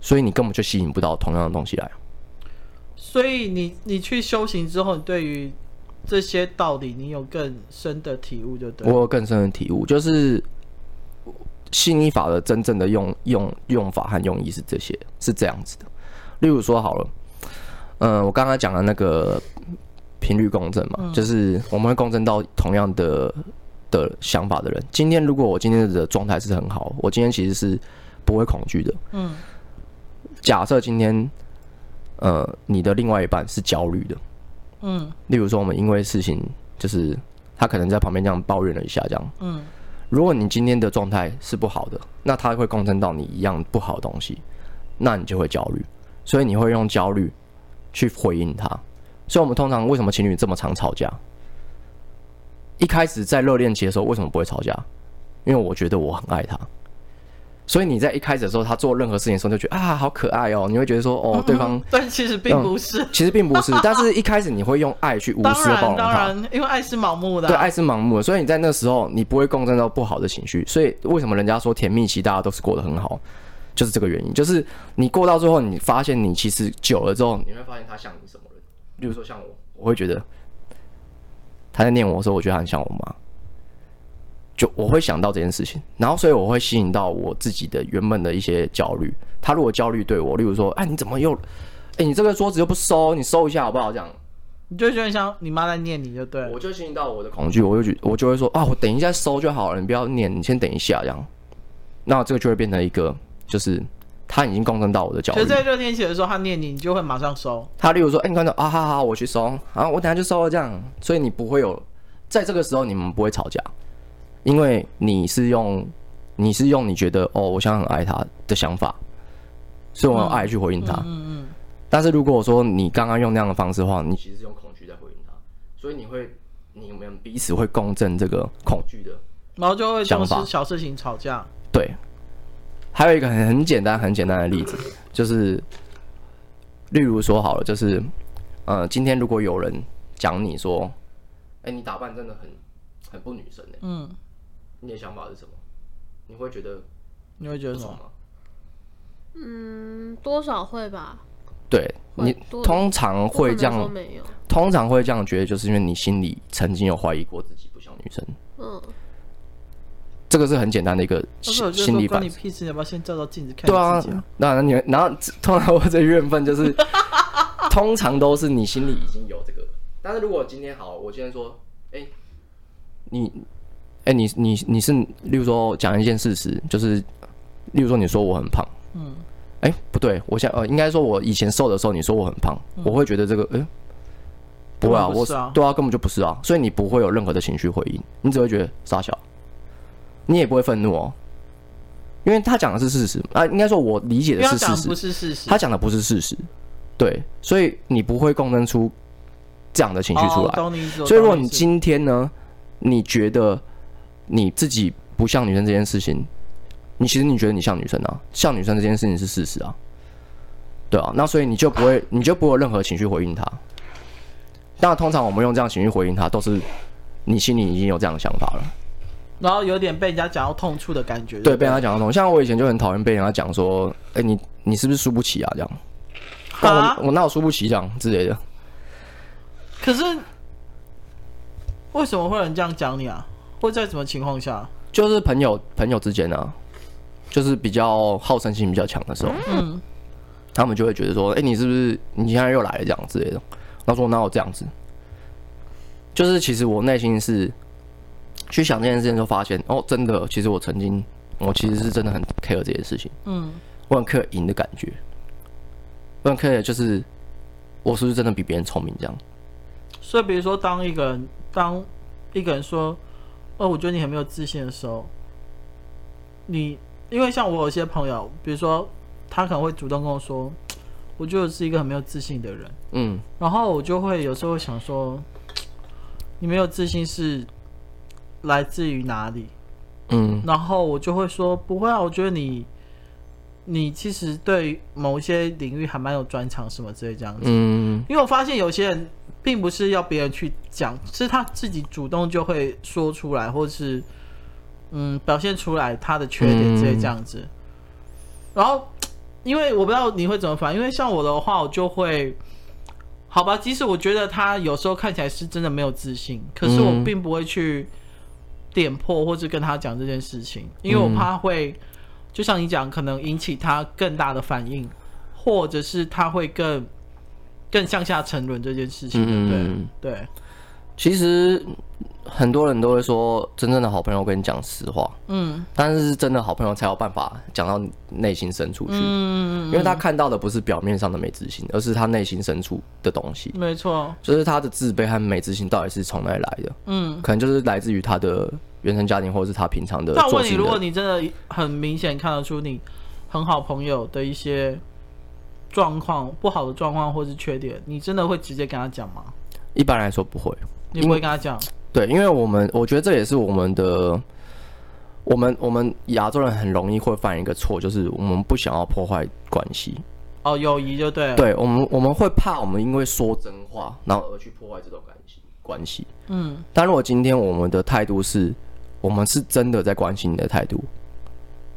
所以你根本就吸引不到同樣的東西來。所以你你去修行之後，你對於這些道理，你有更深的體悟？就對。我有更深的體悟，就是信一法的真正的用用用法、和用意是這些，是這樣子的。例如說，好了，嗯、呃，我剛剛講的那個頻率共振嘛、嗯，就是我們會共振到同樣的的想法的人。今天如果我今天的狀態是很好，我今天其實是不會恐懼的。嗯，假設今天。呃，你的另外一半是焦慮的，嗯，例如說我們因為事情，就是他可能在旁邊這樣抱怨了一下，這樣，嗯，如果你今天的狀態是不好的，那他會共振到你一樣不好的東西，那你就會焦慮，所以你會用焦慮去回應他，所以我們通常為什麼情侶這麼常吵架？一開始在熱戀期的時候為什麼不會吵架？因為我覺得我很愛他。所以你在一開始的時候，他做任何事情的時候，就覺得啊，好可愛哦，你會覺得說，哦，對方 對，其實並不是，嗯、其實並不是， 但是一開始你會用愛去無視和包容他，當然，因為愛是盲目的，啊，對，愛是盲目的，所以你在那時候你不會共振到不好的情緒，所以為什麼人家說甜蜜期大家都是過得很好，就是這個原因，就是你過到最後，你發現你其實久了之後，你會發現他像你什麼人，比如說像我，我會覺得他在念我的時候，我覺得他很像我媽。就我會想到這件事情，然後所以我會吸引到我自己的原本的一些焦慮。他如果焦慮對我，例如說，哎，你怎麼又，哎，你這個桌子又不收，你收一下好不好？這樣，你就覺得像你媽在念你就對。我就吸引到我的恐懼，我就覺我就會說，啊，我等一下收就好了，你不要念，你先等一下這樣。那這個就會變成一個，就是他已經共振到我的焦慮。就在熱天起的時候，他念你，你就會馬上收。他例如說，哎，你看到啊，好好，我去收啊，我等下就收了這樣。所以你不會有在這個時候你們不會吵架。因為你是用，你是用你覺得哦，我想很愛他的想法，所以我用愛去回應他。嗯嗯，嗯，嗯。但是，如果我說你剛剛用那樣的方式的話，你，你其實是用恐懼在回應他，所以你會，你們彼此會共振這個恐懼的。然後就會想法小事情吵架。對。還有一個很很簡單很簡單的例子，就是，例如說好了，就是，呃，今天如果有人講你說，哎，你打扮真的很，很不女生的、欸、嗯。你的想法是什麼？你會覺得你會覺得什麼？什麼嗯，多少會吧。對，你通常會這樣沒沒，通常會這樣覺得，就是因為你心裡曾經有懷疑過自己不像女生。嗯，這個是很簡單的一個心理版。關你屁事！你要先照照鏡子看、啊？對啊，那你們然後通常這怨憤就是， 通常都是你心裡、啊、已經有這個。但是如果今天好，我今天說，哎、欸，你。哎、欸，你你你是，例如說講一件事實，就是，例如說你說我很胖，嗯，哎、欸、不對，我想，呃，應該說我以前瘦的時候，你說我很胖，嗯，我會覺得這個，哎、欸，不會啊，是啊我對啊，根本就不是啊，所以你不會有任何的情緒回應，你只會覺得傻笑，你也不會憤怒哦，因為他講的是事實啊，呃，應該說我理解的是事實，不是事實，他講的不是事實，對，所以你不會共振出這樣的情緒出來，哦所，所以如果你今天呢，你覺得。你自己不像女生這件事情，你其實你覺得你像女生啊，像女生這件事情是事實啊，對啊，那所以你就不會，你就不會有任何情緒回應他。但通常我們用這樣情緒回應他，都是你心裡已經有這樣的想法了。然後有點被人家講到痛處的感覺。對，對被人家講到痛，像我以前就很討厭被人家講說，哎，你你是不是輸不起啊？這樣。啊？我哪有輸不起這樣之類的。可是，為什麼會有人這樣講你啊？會在什麼情況下？就是朋友朋友之間啊，就是比較好勝心比較強的時候，嗯，他們就會覺得說：“哎、欸，你是不是你現在又來了這樣之類的？”那說：“那我這樣子？”就是其實我內心是去想這件事情，就發現哦，真的，其實我曾經我其實是真的很 care 這件事情，嗯，我很 care 贏的的感覺，我很 care 的就是我是不是真的比別人聰明這樣。所以，比如說，當一個人，當一個人說。呃、哦，我覺得你很沒有自信的時候，你因為像我有些朋友，比如說他可能會主動跟我說，我覺得我是一個很沒有自信的人，嗯，然後我就會有時候想說，你沒有自信是來自於哪裡？嗯，然後我就會說，不會啊，我覺得你。你其實對某一些領域還蠻有專長，什麼之類這樣子。因為我發現有些人並不是要別人去講，是他自己主動就會說出來，或是嗯表現出來他的缺點之類這樣子。然後，因為我不知道你會怎麼反應，因為像我的話，我就會好吧，即使我覺得他有時候看起來是真的沒有自信，可是我並不會去點破或者跟他講這件事情，因為我怕會。就像你講，可能引起他更大的反應，或者是他會更更向下沉淪這件事情，對、嗯、對。其實很多人都會說，真正的好朋友跟你講實話，嗯，但是真的好朋友才有辦法講到內心深處去，嗯嗯，因為他看到的不是表面上的沒自信，而是他內心深處的東西。沒錯，就是他的自卑和沒自信到底是從哪來的？嗯，可能就是來自於他的。原生家庭或者是他平常的。那問你，如果你真的很明顯看得出你很好朋友的一些狀況、不好的狀況或是缺點，你真的會直接跟他講嗎？一般來說不會。你會跟他講？對，因為我們我覺得這也是我們的，我們我們亞洲人很容易會犯一個錯，就是我們不想要破壞關係。哦，友誼就對。對，我們我們會怕我們因為說真話，然後而去破壞這段感情關係。嗯。但如果今天我們的態度是。我們是真的在關心你的態度，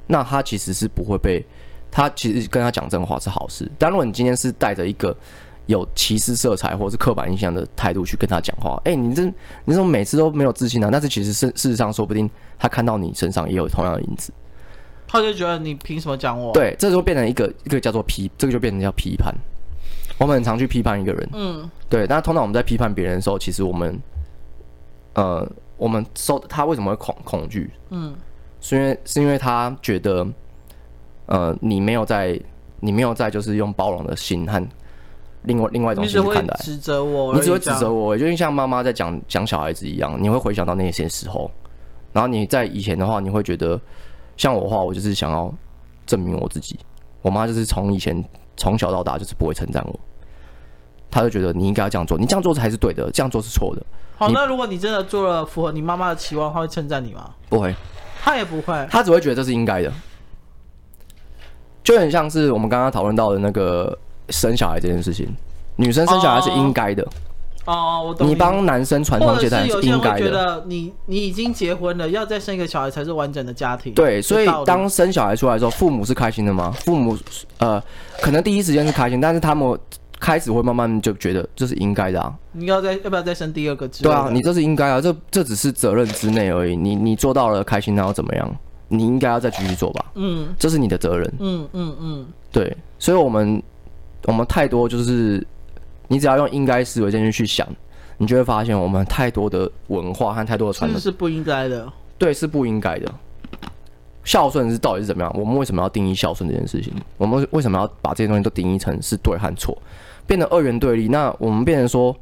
那他其實是不會被他其實跟他講真話是好事，但如果你今天是帶着一個有歧視色彩或是刻板印象的態度去跟他講話，欸，你這你怎麼每次都沒有自信呢？但是其實事事實上，說不定他看到你身上也有同樣的影子，他就覺得你憑什麼講我？對，這時候變成一個一個叫做批，這個就變成叫批判。我們很常去批判一個人，嗯，對。但是通常我們在批判別人的時候，其實我們呃。我們受他為什麼會恐恐懼？嗯，是因為是因為他覺得，呃，你沒有在你沒有在就是用包容的心和另外另外一種心去看待，你會指責我，我，你只會指責我，就像媽媽在講講小孩子一樣，你會回想到那些時候，然後你在以前的話，你會覺得像我的話，我就是想要證明我自己，我媽就是從以前從小到大就是不會稱讚我。他就覺得你應該要這樣做，你這樣做才是對的，這樣做是錯的。好，那如果你真的做了符合你媽媽的期望，他會稱讚你嗎？不會，他也不會，他只會覺得這是應該的。就很像是我們剛剛討論到的那個生小孩這件事情，女生生小孩是應該的。哦，我懂。你幫男生傳宗接代是應該的。哦哦、我是覺得你你已經結婚了，要再生一個小孩才是完整的家庭。對，所以當生小孩出來的時候，父母是開心的嗎？父母呃，可能第一時間是開心，但是他們。開始會慢慢就覺得這是應該的啊！你要再要不要再生第二個？對啊，你這是應該啊，這這只是責任之內而已。你你做到了開心，然後怎麼樣？你應該要再繼續做吧。嗯，這是你的責任。嗯嗯嗯，對。所以，我們我們太多就是，你只要用應該思維進去去想，你就會發現我們太多的文化和太多的傳統是不應該的。對，是不應該的。孝順是到底是怎麼樣？我們為什麼要定義孝順這件事情？我們為什麼要把這些東西都定義成是對和錯？變成二元對立，那我們變成說，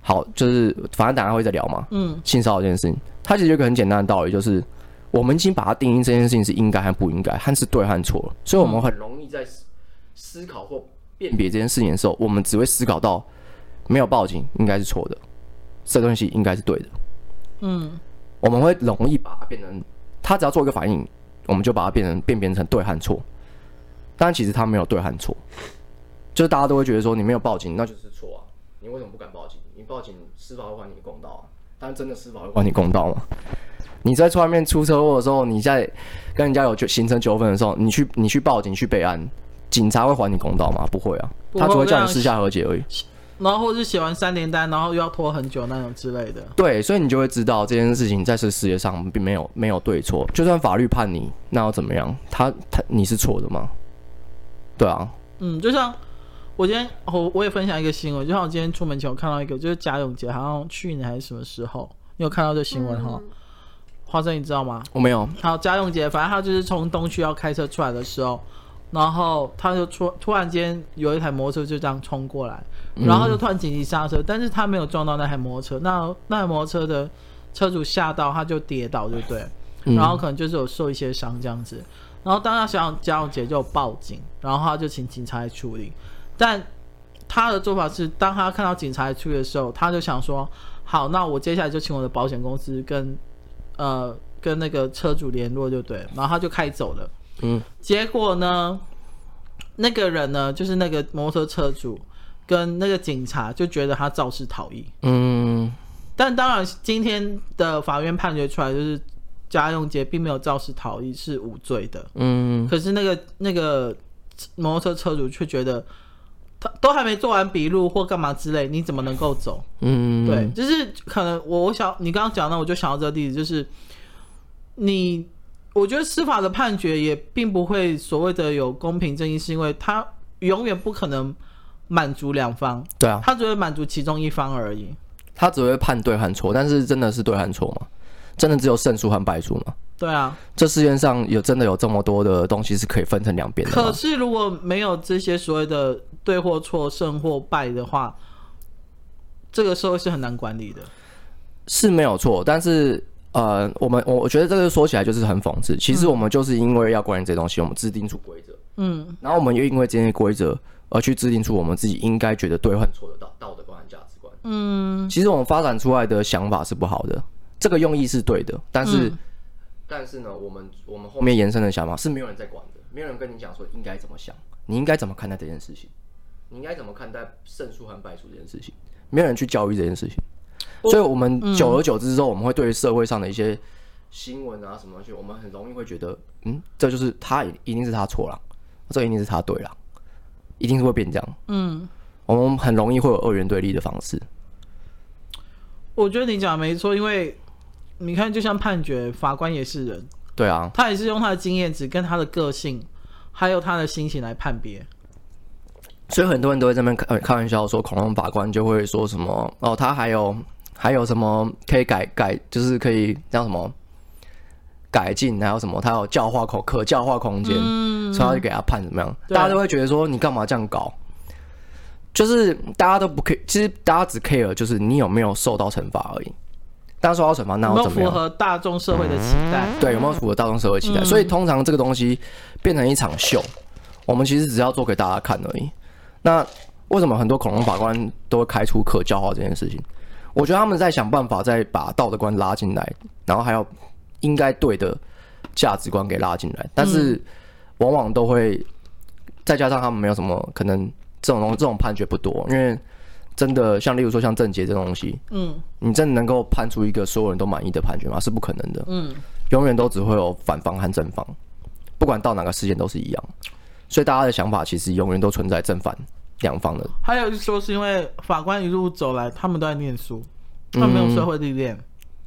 好，就是反正等下會再聊嘛。嗯，性騷擾這件事情，它其實有一個很簡單的道理，就是我們已經把它定義這件事情是應該還是不應該，還是對還是錯了。所以我們很容易在思考或辨別這件事情的時候，我們只會思考到沒有報警應該是錯的，這東西應該是對的。嗯，我們會容易把它變成，他只要做一個反應，我們就把它變成辨別成對和錯。但其實它沒有對和錯。就是大家都會覺得說，你沒有報警，那就是錯啊！你為什麼不敢報警？你報警，司法會還你公道啊？但是真的司法會還你,還你公道嗎？你在外面出車禍的時候，你在跟人家有形成糾紛的時候，你去你去報警去備案，警察會還你公道嗎？不會啊不，他只會叫你私下和解而已。然後或是寫完三聯單，然後又要拖很久那種之類的。對，所以你就會知道這件事情在這世界上並沒有沒有對錯。就算法律判你，那要怎麼樣？他他你是錯的嗎？對啊，嗯，就像。我今天我我也分享一個新聞，就像我今天出門前我看到一個，就是賈永婕好像去年還是什麼時候，你有看到這新聞哈、嗯？花生，你知道嗎？我沒有。好，賈永婕，反正他就是從東區要開車出來的時候，然後他就突突然間有一台摩托車就這樣衝過來，嗯、然後他就突然緊急剎車，但是他沒有撞到那台摩托車，那那台摩托車的車主嚇到他就跌倒，對不對？然後可能就是有受一些傷這樣子。嗯、然後當他想賈永婕就報警，然後他就請警察來處理。但他的做法是，當他看到警察出現的時候，他就想說：“好，那我接下來就請我的保險公司跟，呃，跟那個車主聯絡，就對。”然後他就開走了。嗯。結果呢，那個人呢，就是那個摩托車主，跟那個警察就覺得他肇事逃逸。嗯。但當然，今天的法院判決出來，就是家用杰並沒有肇事逃逸，是無罪的。嗯。可是那個那個摩托車主卻覺得。都還沒做完筆錄或幹嘛之類，你怎麼能夠走？嗯，對，就是可能我我想你剛剛講的，我就想到這個例子，就是你，我覺得司法的判決也並不會所謂的有公平正義，是因為他永遠不可能滿足兩方，對啊，他只會滿足其中一方而已，他只會判對和錯，但是真的是對和錯嗎？真的只有勝訴和敗訴嗎？對啊，這世界上有真的有這麼多的東西是可以分成兩邊的。可是如果沒有這些所謂的對或錯、勝或敗的話，這個社會是很難管理的。是沒有錯，但是呃，我們我我覺得這個說起來就是很諷刺。其實我們就是因為要管理這些東西，嗯，我們制定出規則，嗯，然後我們又因為這些規則而去制定出我們自己應該覺得對或錯的道道德觀、價值觀。嗯，其實我們發展出來的想法是不好的，這個用意是對的，但是。嗯但是呢，我們我們後面延伸的想法是，沒有人在管的，沒有人跟你講說應該怎麼想，你應該怎麼看待這件事情，你應該怎麼看待勝訴和敗訴這件事情，沒有人去教育這件事情，所以我們久而久之之後，我們會對於社會上的一些新聞啊什麼東西，我們很容易會覺得，嗯，這就是他一定是他錯了，這一定是他對了，一定是會變這樣，嗯，我們很容易會有二元對立的方式。我覺得你講沒錯，因為。你看，就像判決，法官也是人，對啊，他也是用他的經驗值、跟他的個性，還有他的心情來判別。所以很多人都會在那邊開、呃、開玩笑，說恐龍法官就會說什麼哦，他還有還有什麼可以改改，就是可以叫什麼改進，還有什麼他有教化空可教化空間、嗯，所以他就給他判怎麼樣？大家都會覺得說，你幹嘛這樣搞？就是大家都不 care，其實大家只 care 就是你有沒有受到懲罰而已。大家說好什麼，那我怎麼？有沒有符合大眾社會的期待？對，有沒有符合大眾社會的期待。嗯。所以通常這個東西變成一場秀，我們其實只要做給大家看而已。那為什麼很多恐龍法官都會開出可教化這件事情？我覺得他們在想辦法，再把道德觀拉進來，然後還要應該對的價值觀給拉進來，但是往往都會再加上他們沒有什麼可能，這種東這種判決不多，因為。真的像例如說像正杰這種東西，嗯，你真的能夠判出一個所有人都滿意的判決嗎？是不可能的，嗯，永遠都只會有反方和正方，不管到哪個事件都是一樣，所以大家的想法其實永遠都存在正反兩方的。還有就說，是因為法官一路走來，他們都在念書，他們沒有社會歷練、嗯，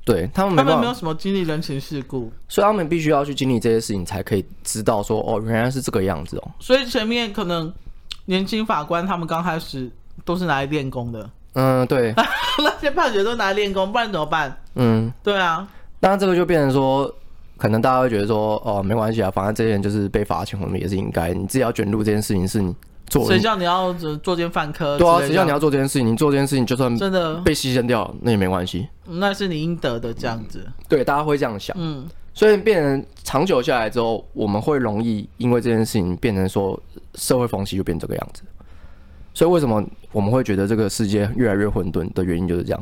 對他們，他們沒有什麼經歷人情世故，所以他們必須要去經歷這些事情，才可以知道說，哦，原來是這個樣子哦。所以前面可能年輕法官他們剛開始。都是拿來練功的。嗯，對， 那些判決都拿來練功，不然怎麼辦？嗯，對啊。那這個就變成說，可能大家會覺得說，哦，沒關係啊，反正這些人就是被罰錢，我們也是應該。你自己要卷入這件事情是你做的，誰叫你要做件犯科的。對啊，誰叫你要做這件事情，你做這件事情就算真的被犧牲掉，那也沒關係。那是你應得的，這樣子，嗯。對，大家會這樣想。嗯，所以變成長久下來之後，我們會容易因為這件事情變成說社會風氣就變這個樣子。所以為什麼我們會覺得這個世界越來越混沌的原因就是這樣，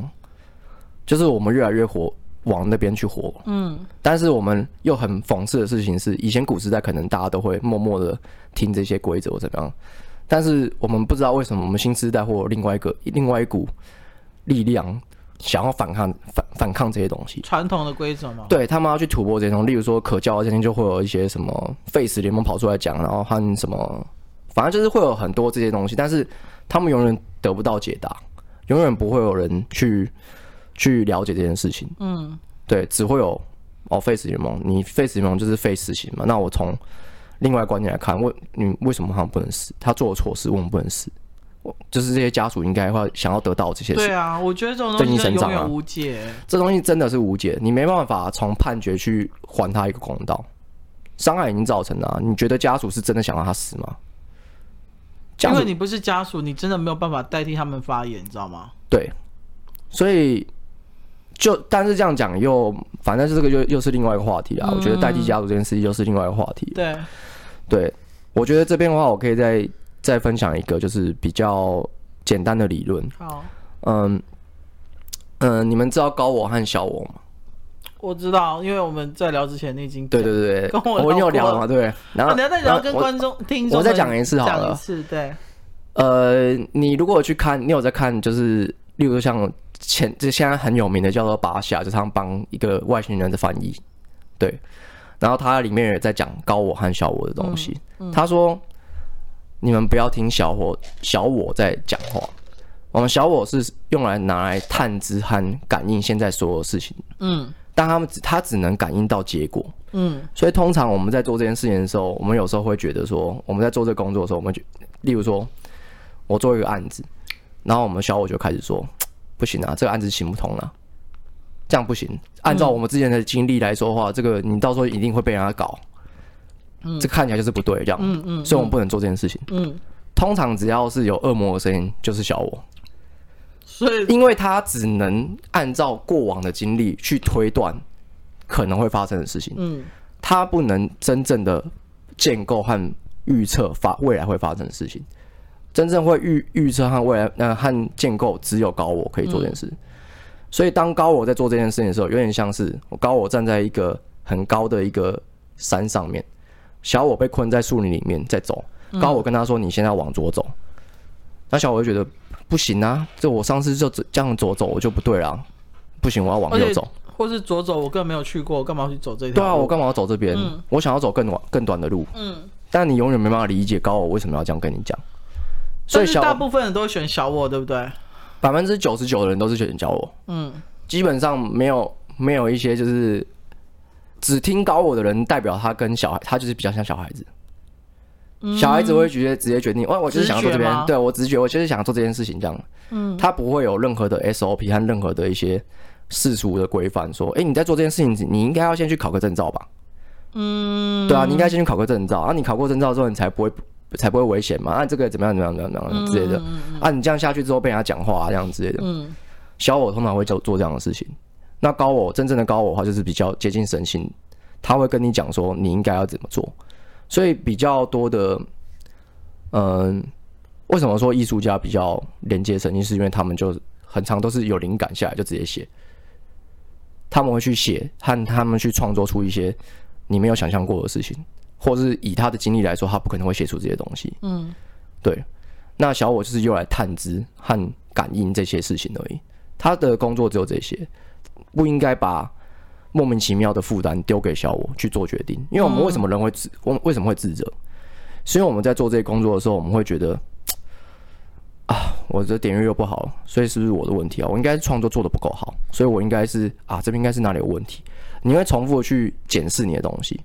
就是我們越來越活往那邊去活，嗯，但是我們又很諷刺的事情是，以前古時代可能大家都會默默的聽這些規則怎麼樣，但是我們不知道為什麼我們新時代會有另外一個另外一股力量想要反抗反反抗這些東西，傳統的規則嗎？對，他們要去突破這種，例如說可教的今天就會有一些什麼廢死聯盟跑出來講，然後喊什麼。反正就是會有很多這些東西，但是他們永遠得不到解答，永遠不會有人去去了解這件事情。嗯，對，只會有哦廢 a c e 你廢 a c e 就是廢 a c 死嘛？那我從另外觀點來看，為，你為什麼他們不能死？他做錯事，我什不能死？我就是這些家屬應該會想要得到這些。對啊，我覺得這種東西的是無解，啊，這東西真的是無解，你沒辦法從判決去還他一個公道，傷害已經造成了，啊。你覺得家屬是真的想讓他死嗎？因為你不是家屬，你真的沒有辦法代替他們發言，你知道嗎？對，所以就但是這樣講又，反正是這個又又是另外一個話題啦。嗯，我覺得代替家屬這件事情又是另外一個話題。對，對，我覺得這邊的話，我可以再再分享一個，就是比較簡單的理論。好，嗯嗯，你們知道高我和小我嗎？我知道，因為我們在聊之前，你已經對對對，跟我聊了，我已經有聊了嘛。對，然後，啊，你要再聊跟觀眾聽眾，我再講一次好了。講一次，對，呃，你如果我去看，你有在看，就是例如像前，就現在很有名的叫做巴夏，就他幫一個外星人的翻譯，對，然後他裡面也在講高我和小我的東西。嗯，嗯。他說，你們不要聽小我，小我在講話，我們小我是用來拿來探知和感應現在所有事情。嗯。但他們只他只能感應到結果，嗯，所以通常我們在做這件事情的時候，我們有時候會覺得說，我們在做這個工作的時候，我們就例如說，我做一個案子，然後我們小我就開始說，不行啊，這個案子行不通了啊，這樣不行，按照我們之前的經歷來說的話，這個你到時候一定會被人家搞，嗯，這看起來就是不對，這樣，嗯嗯，所以我們不能做這件事情，嗯，通常只要是有惡魔的聲音，就是小我。所以，因為他只能按照過往的經歷去推斷可能會發生的事情，嗯，他不能真正的建構和預測發未來會發生的事情。真正會預預測和未來那和建構，只有高我可以做這件事。所以，當高我在做這件事情的時候，有點像是我高我站在一個很高的一個山上面，小我被困在樹林裡面在走。高我跟他說：“你現在往左走。”那小我就覺得。不行啊！就我上次就這樣左走,走，我就不對了啊。不行，我要往右走，或是左走，我根本沒有去過，我幹嘛要去走這條？對啊，我幹嘛要走這邊？嗯。我想要走更短、更短的路。嗯。但你永遠沒辦法理解高我為什麼要這樣跟你講。所以小，大部分人都選小我，對不對？百分之九十九的人都是選小我。嗯。基本上沒有沒有一些就是只聽高我的人，代表他跟小孩，他就是比較像小孩子。小孩子會直接直接決定，嗯、哇，我就是想要做這邊，對我直覺，我就是想要做這件事情這樣。嗯，他不會有任何的 SOP 和，任何的一些世俗的規範，說、欸，你在做這件事情，你應該要先去考個證照吧。嗯，對啊，你應該先去考個證照，然、嗯啊、你考過證照之後，你才不會才不會危險嘛。啊，這個怎麼樣怎麼樣怎麼樣，怎麼樣之類的、嗯。啊，你這樣下去之後被人家講話、啊、這樣之類的。嗯，小我通常會做做這樣的事情。那高我真正的高我的話，就是比較接近神性，他會跟你講說你應該要怎麼做。所以比較多的，嗯、呃，為什麼說藝術家比較連接神經？是因為他們就很常都是有靈感下來就直接寫，他們會去寫，和他們去創作出一些你沒有想象過的事情，或是以他的經歷來說，他不可能會寫出這些東西。嗯，對。那小我就是用來探知和感應這些事情而已，他的工作只有這些，不應該把莫名其妙的負擔丟給小我去做決定，因為我們為什麼人會自、嗯，我們為什麼會自責？所以我們在做這些工作的時候，我們會覺得啊，我的點閱又不好，所以是不是我的問題啊？我應該是創作做得不夠好，所以我應該是啊，這邊應該是哪裡有問題？你會重複的去檢視你的東西，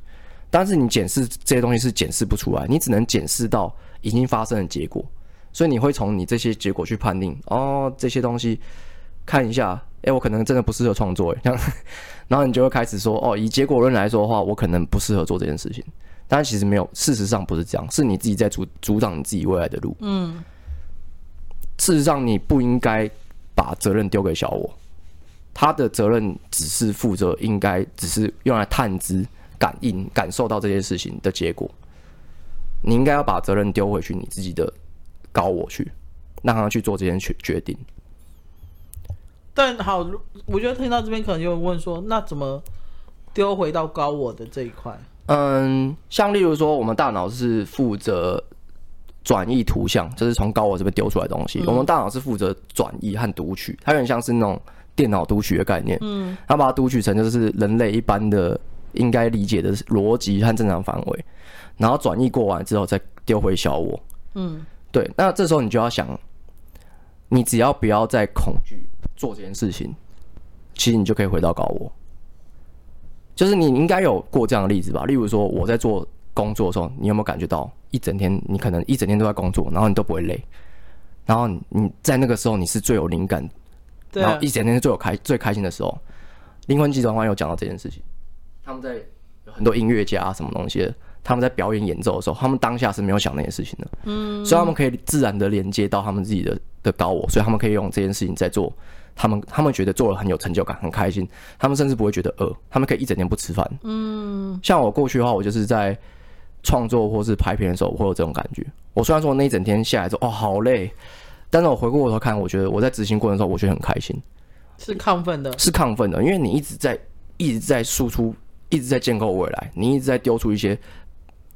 但是你檢視這些東西是檢視不出來，你只能檢視到已經發生的結果，所以你會從你這些結果去判定哦，這些東西。看一下，哎、欸，我可能真的不適合創作，哎，然後你就會開始說，哦，以結果論來說的話，我可能不適合做這件事情，但其實沒有，事實上不是這樣，是你自己在阻阻擋你自己未來的路。嗯，事實上你不應該把責任丟給小我，他的責任只是負責，應該只是用來探知、感應、感受到這件事情的結果。你應該要把責任丟回去你自己的高我去，讓他去做這件決定。但好，我覺得聽到這邊可能就會問說，那怎麼丟回到高我的這一塊？嗯，像例如說，我們大腦是負責轉譯圖像，就是從高我這邊丟出來的東西。嗯、我們大腦是負責轉譯和讀取，它有點像是那種電腦讀取的概念。嗯，它把它讀取成就是人類一般的應該理解的邏輯和正常範圍，然後轉譯過完之後再丟回小我。嗯，對。那這時候你就要想，你只要不要再恐懼。做這件事情，其實你就可以回到高我，就是你應該有過這樣的例子吧？例如說，我在做工作的時候，你有沒有感覺到一整天，你可能一整天都在工作，然後你都不會累，然後你在那個時候你是最有靈感、啊，然後一整天是最有開最開心的時候。靈魂集團有講到這件事情，他們在很多音樂家、啊、什麼東西，他們在表演演奏的時候，他們當下是沒有想那件事情的，嗯，所以他們可以自然的連接到他們自己的的高我，所以他們可以用這件事情在做。他們他們覺得做了很有成就感，很開心。他們甚至不會覺得餓，他們可以一整天不吃飯。嗯，像我過去的話，我就是在創作或是拍片的時候，我會有這種感覺。我雖然說那一整天下來之後，哦，好累，但是我回過頭看，我覺得我在執行過程的時候，我覺得很開心，是亢奮的，是，是亢奮的。因為你一直在一直在輸出，一直在建構未來，你一直在丟出一些，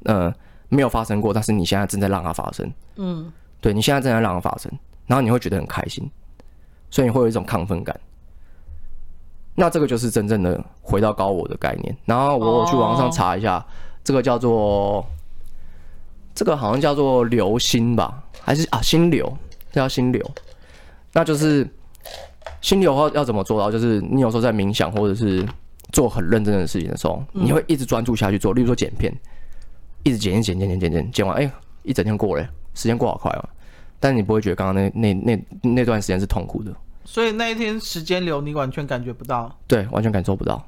呃，沒有發生過，但是你現在正在讓它發生。嗯，對，你現在正在讓它發生，然後你會覺得很開心。所以你會有一種亢奮感，那這個就是真正的回到高我的概念。然後我我去網上查一下，oh. 這個叫做這個好像叫做流心吧，還是啊心流這叫心流？那就是心流的話要怎麼做到，就是你有時候在冥想或者是做很認真的事情的時候，你會一直專注下去做，例如說剪片，一直剪剪剪剪剪剪剪完，哎、欸，一整天過了，時間過好快哦。但是你不會覺得剛剛那那那那段時間是痛苦的。所以那一天時間流你完全感覺不到，對，完全感受不到，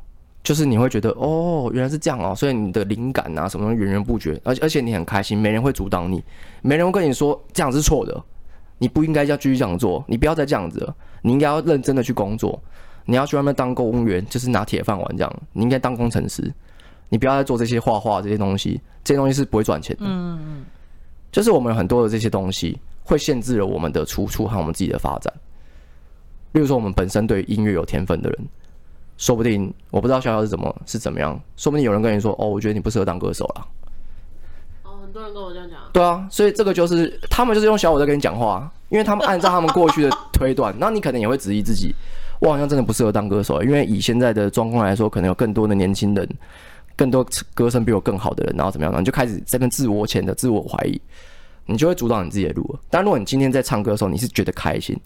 就是你會覺得哦，原來是這樣哦、啊，所以你的靈感啊什麼源源不絕，而且而且你很開心，沒人會阻擋你，沒人會跟你說這樣是錯的，你不應該要繼續這樣做，你不要再這樣子了，你應該要認真的去工作，你要去外面當公務員，就是拿鐵飯碗這樣，你應該當工程師，你不要再做這些畫畫這些東西，這些東西是不會賺錢的，嗯嗯，就是我們有很多的這些東西會限制了我們的出處和我們自己的發展。例如說，我們本身對音樂有天分的人，說不定我不知道小小是怎麼是怎麼樣，說不定有人跟你說：“哦，我覺得你不適合當歌手了啊。”哦，很多人跟我這樣講。對啊，所以這個就是他們就是用小我在跟你講話，因為他們按照他們過去的推斷， 那你可能也會質疑自己：“我好像真的不適合當歌手欸。”因為以現在的狀況來說，可能有更多的年輕人，更多歌聲比我更好的人，然後怎麼樣呢，你就開始在跟自我潛的自我懷疑，你就會阻擋你自己的路。但如果你今天在唱歌的時候，你是覺得開心。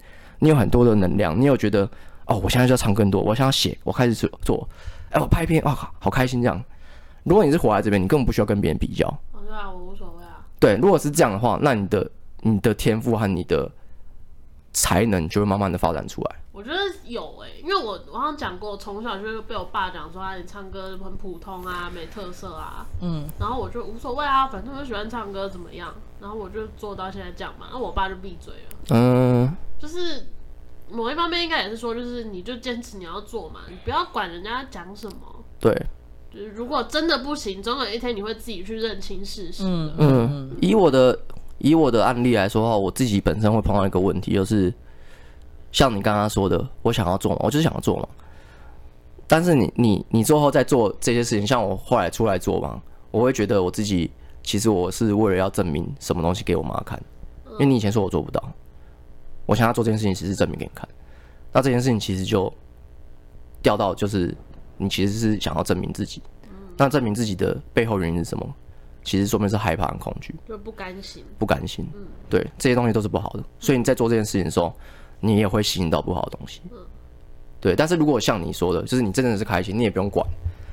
你有很多的能量，你有覺得哦，我現在就要唱更多，我想要寫，我開始做做，哎、欸，我拍片，哇、哦、好，好開心這樣。如果你是活在這邊，你根本不需要跟別人比較啊。對啊，我無所謂啊。對，如果是這樣的話，那你的你的天賦和你的才能就會慢慢的發展出來。我覺得有哎、欸，因為我我好像講過，從小就是被我爸講說啊，你唱歌很普通啊，沒特色啊，嗯，然後我就無所謂啊，反正我就喜歡唱歌怎麼樣，然後我就做到現在這樣嘛，那我爸就閉嘴了。嗯。就是某一方面應該也是說，就是你就堅持你要做嘛，你不要管人家講什麼。對，就如果真的不行，總有一天你會自己去認清事實。嗯嗯，以我的以我的案例來說的話，我自己本身會碰到一個問題，就是像你剛剛說的，我想要做嘛，我就是想要做嘛。但是你你你最後在做這些事情，像我後來出來做嘛，我會覺得我自己其實我是為了要證明什麼東西給我媽看，因為你以前說我做不到。我想要做這件事情，其實證明給你看。那這件事情其實就掉到就是你其實是想要證明自己。嗯、那證明自己的背後原因是什麼？其實說明是害怕和恐懼。就不甘心。不甘心、嗯，對，這些東西都是不好的。所以你在做這件事情的時候，你也會吸引到不好的東西。嗯、對。但是如果像你說的，就是你真的是開心，你也不用管、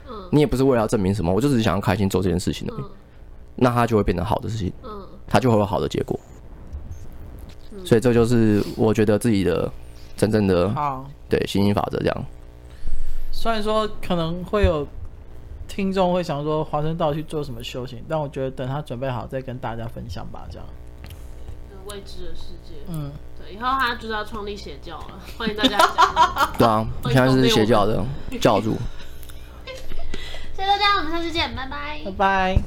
嗯，你也不是為了要證明什麼，我就是想要開心做這件事情而已。的、嗯、那它就會變成好的事情。嗯、它就會有好的結果。所以這就是我覺得自己的真正的好對，吸引力法則這樣。雖然說可能會有聽眾會想說，華生道去做什麼修行？但我覺得等他準備好再跟大家分享吧，這樣。未知的世界。嗯，對，以後他就是要創立邪教了， 歡迎大家。對啊，我 現在是邪教的 教主。謝謝大家，我們下次見，拜拜。拜拜。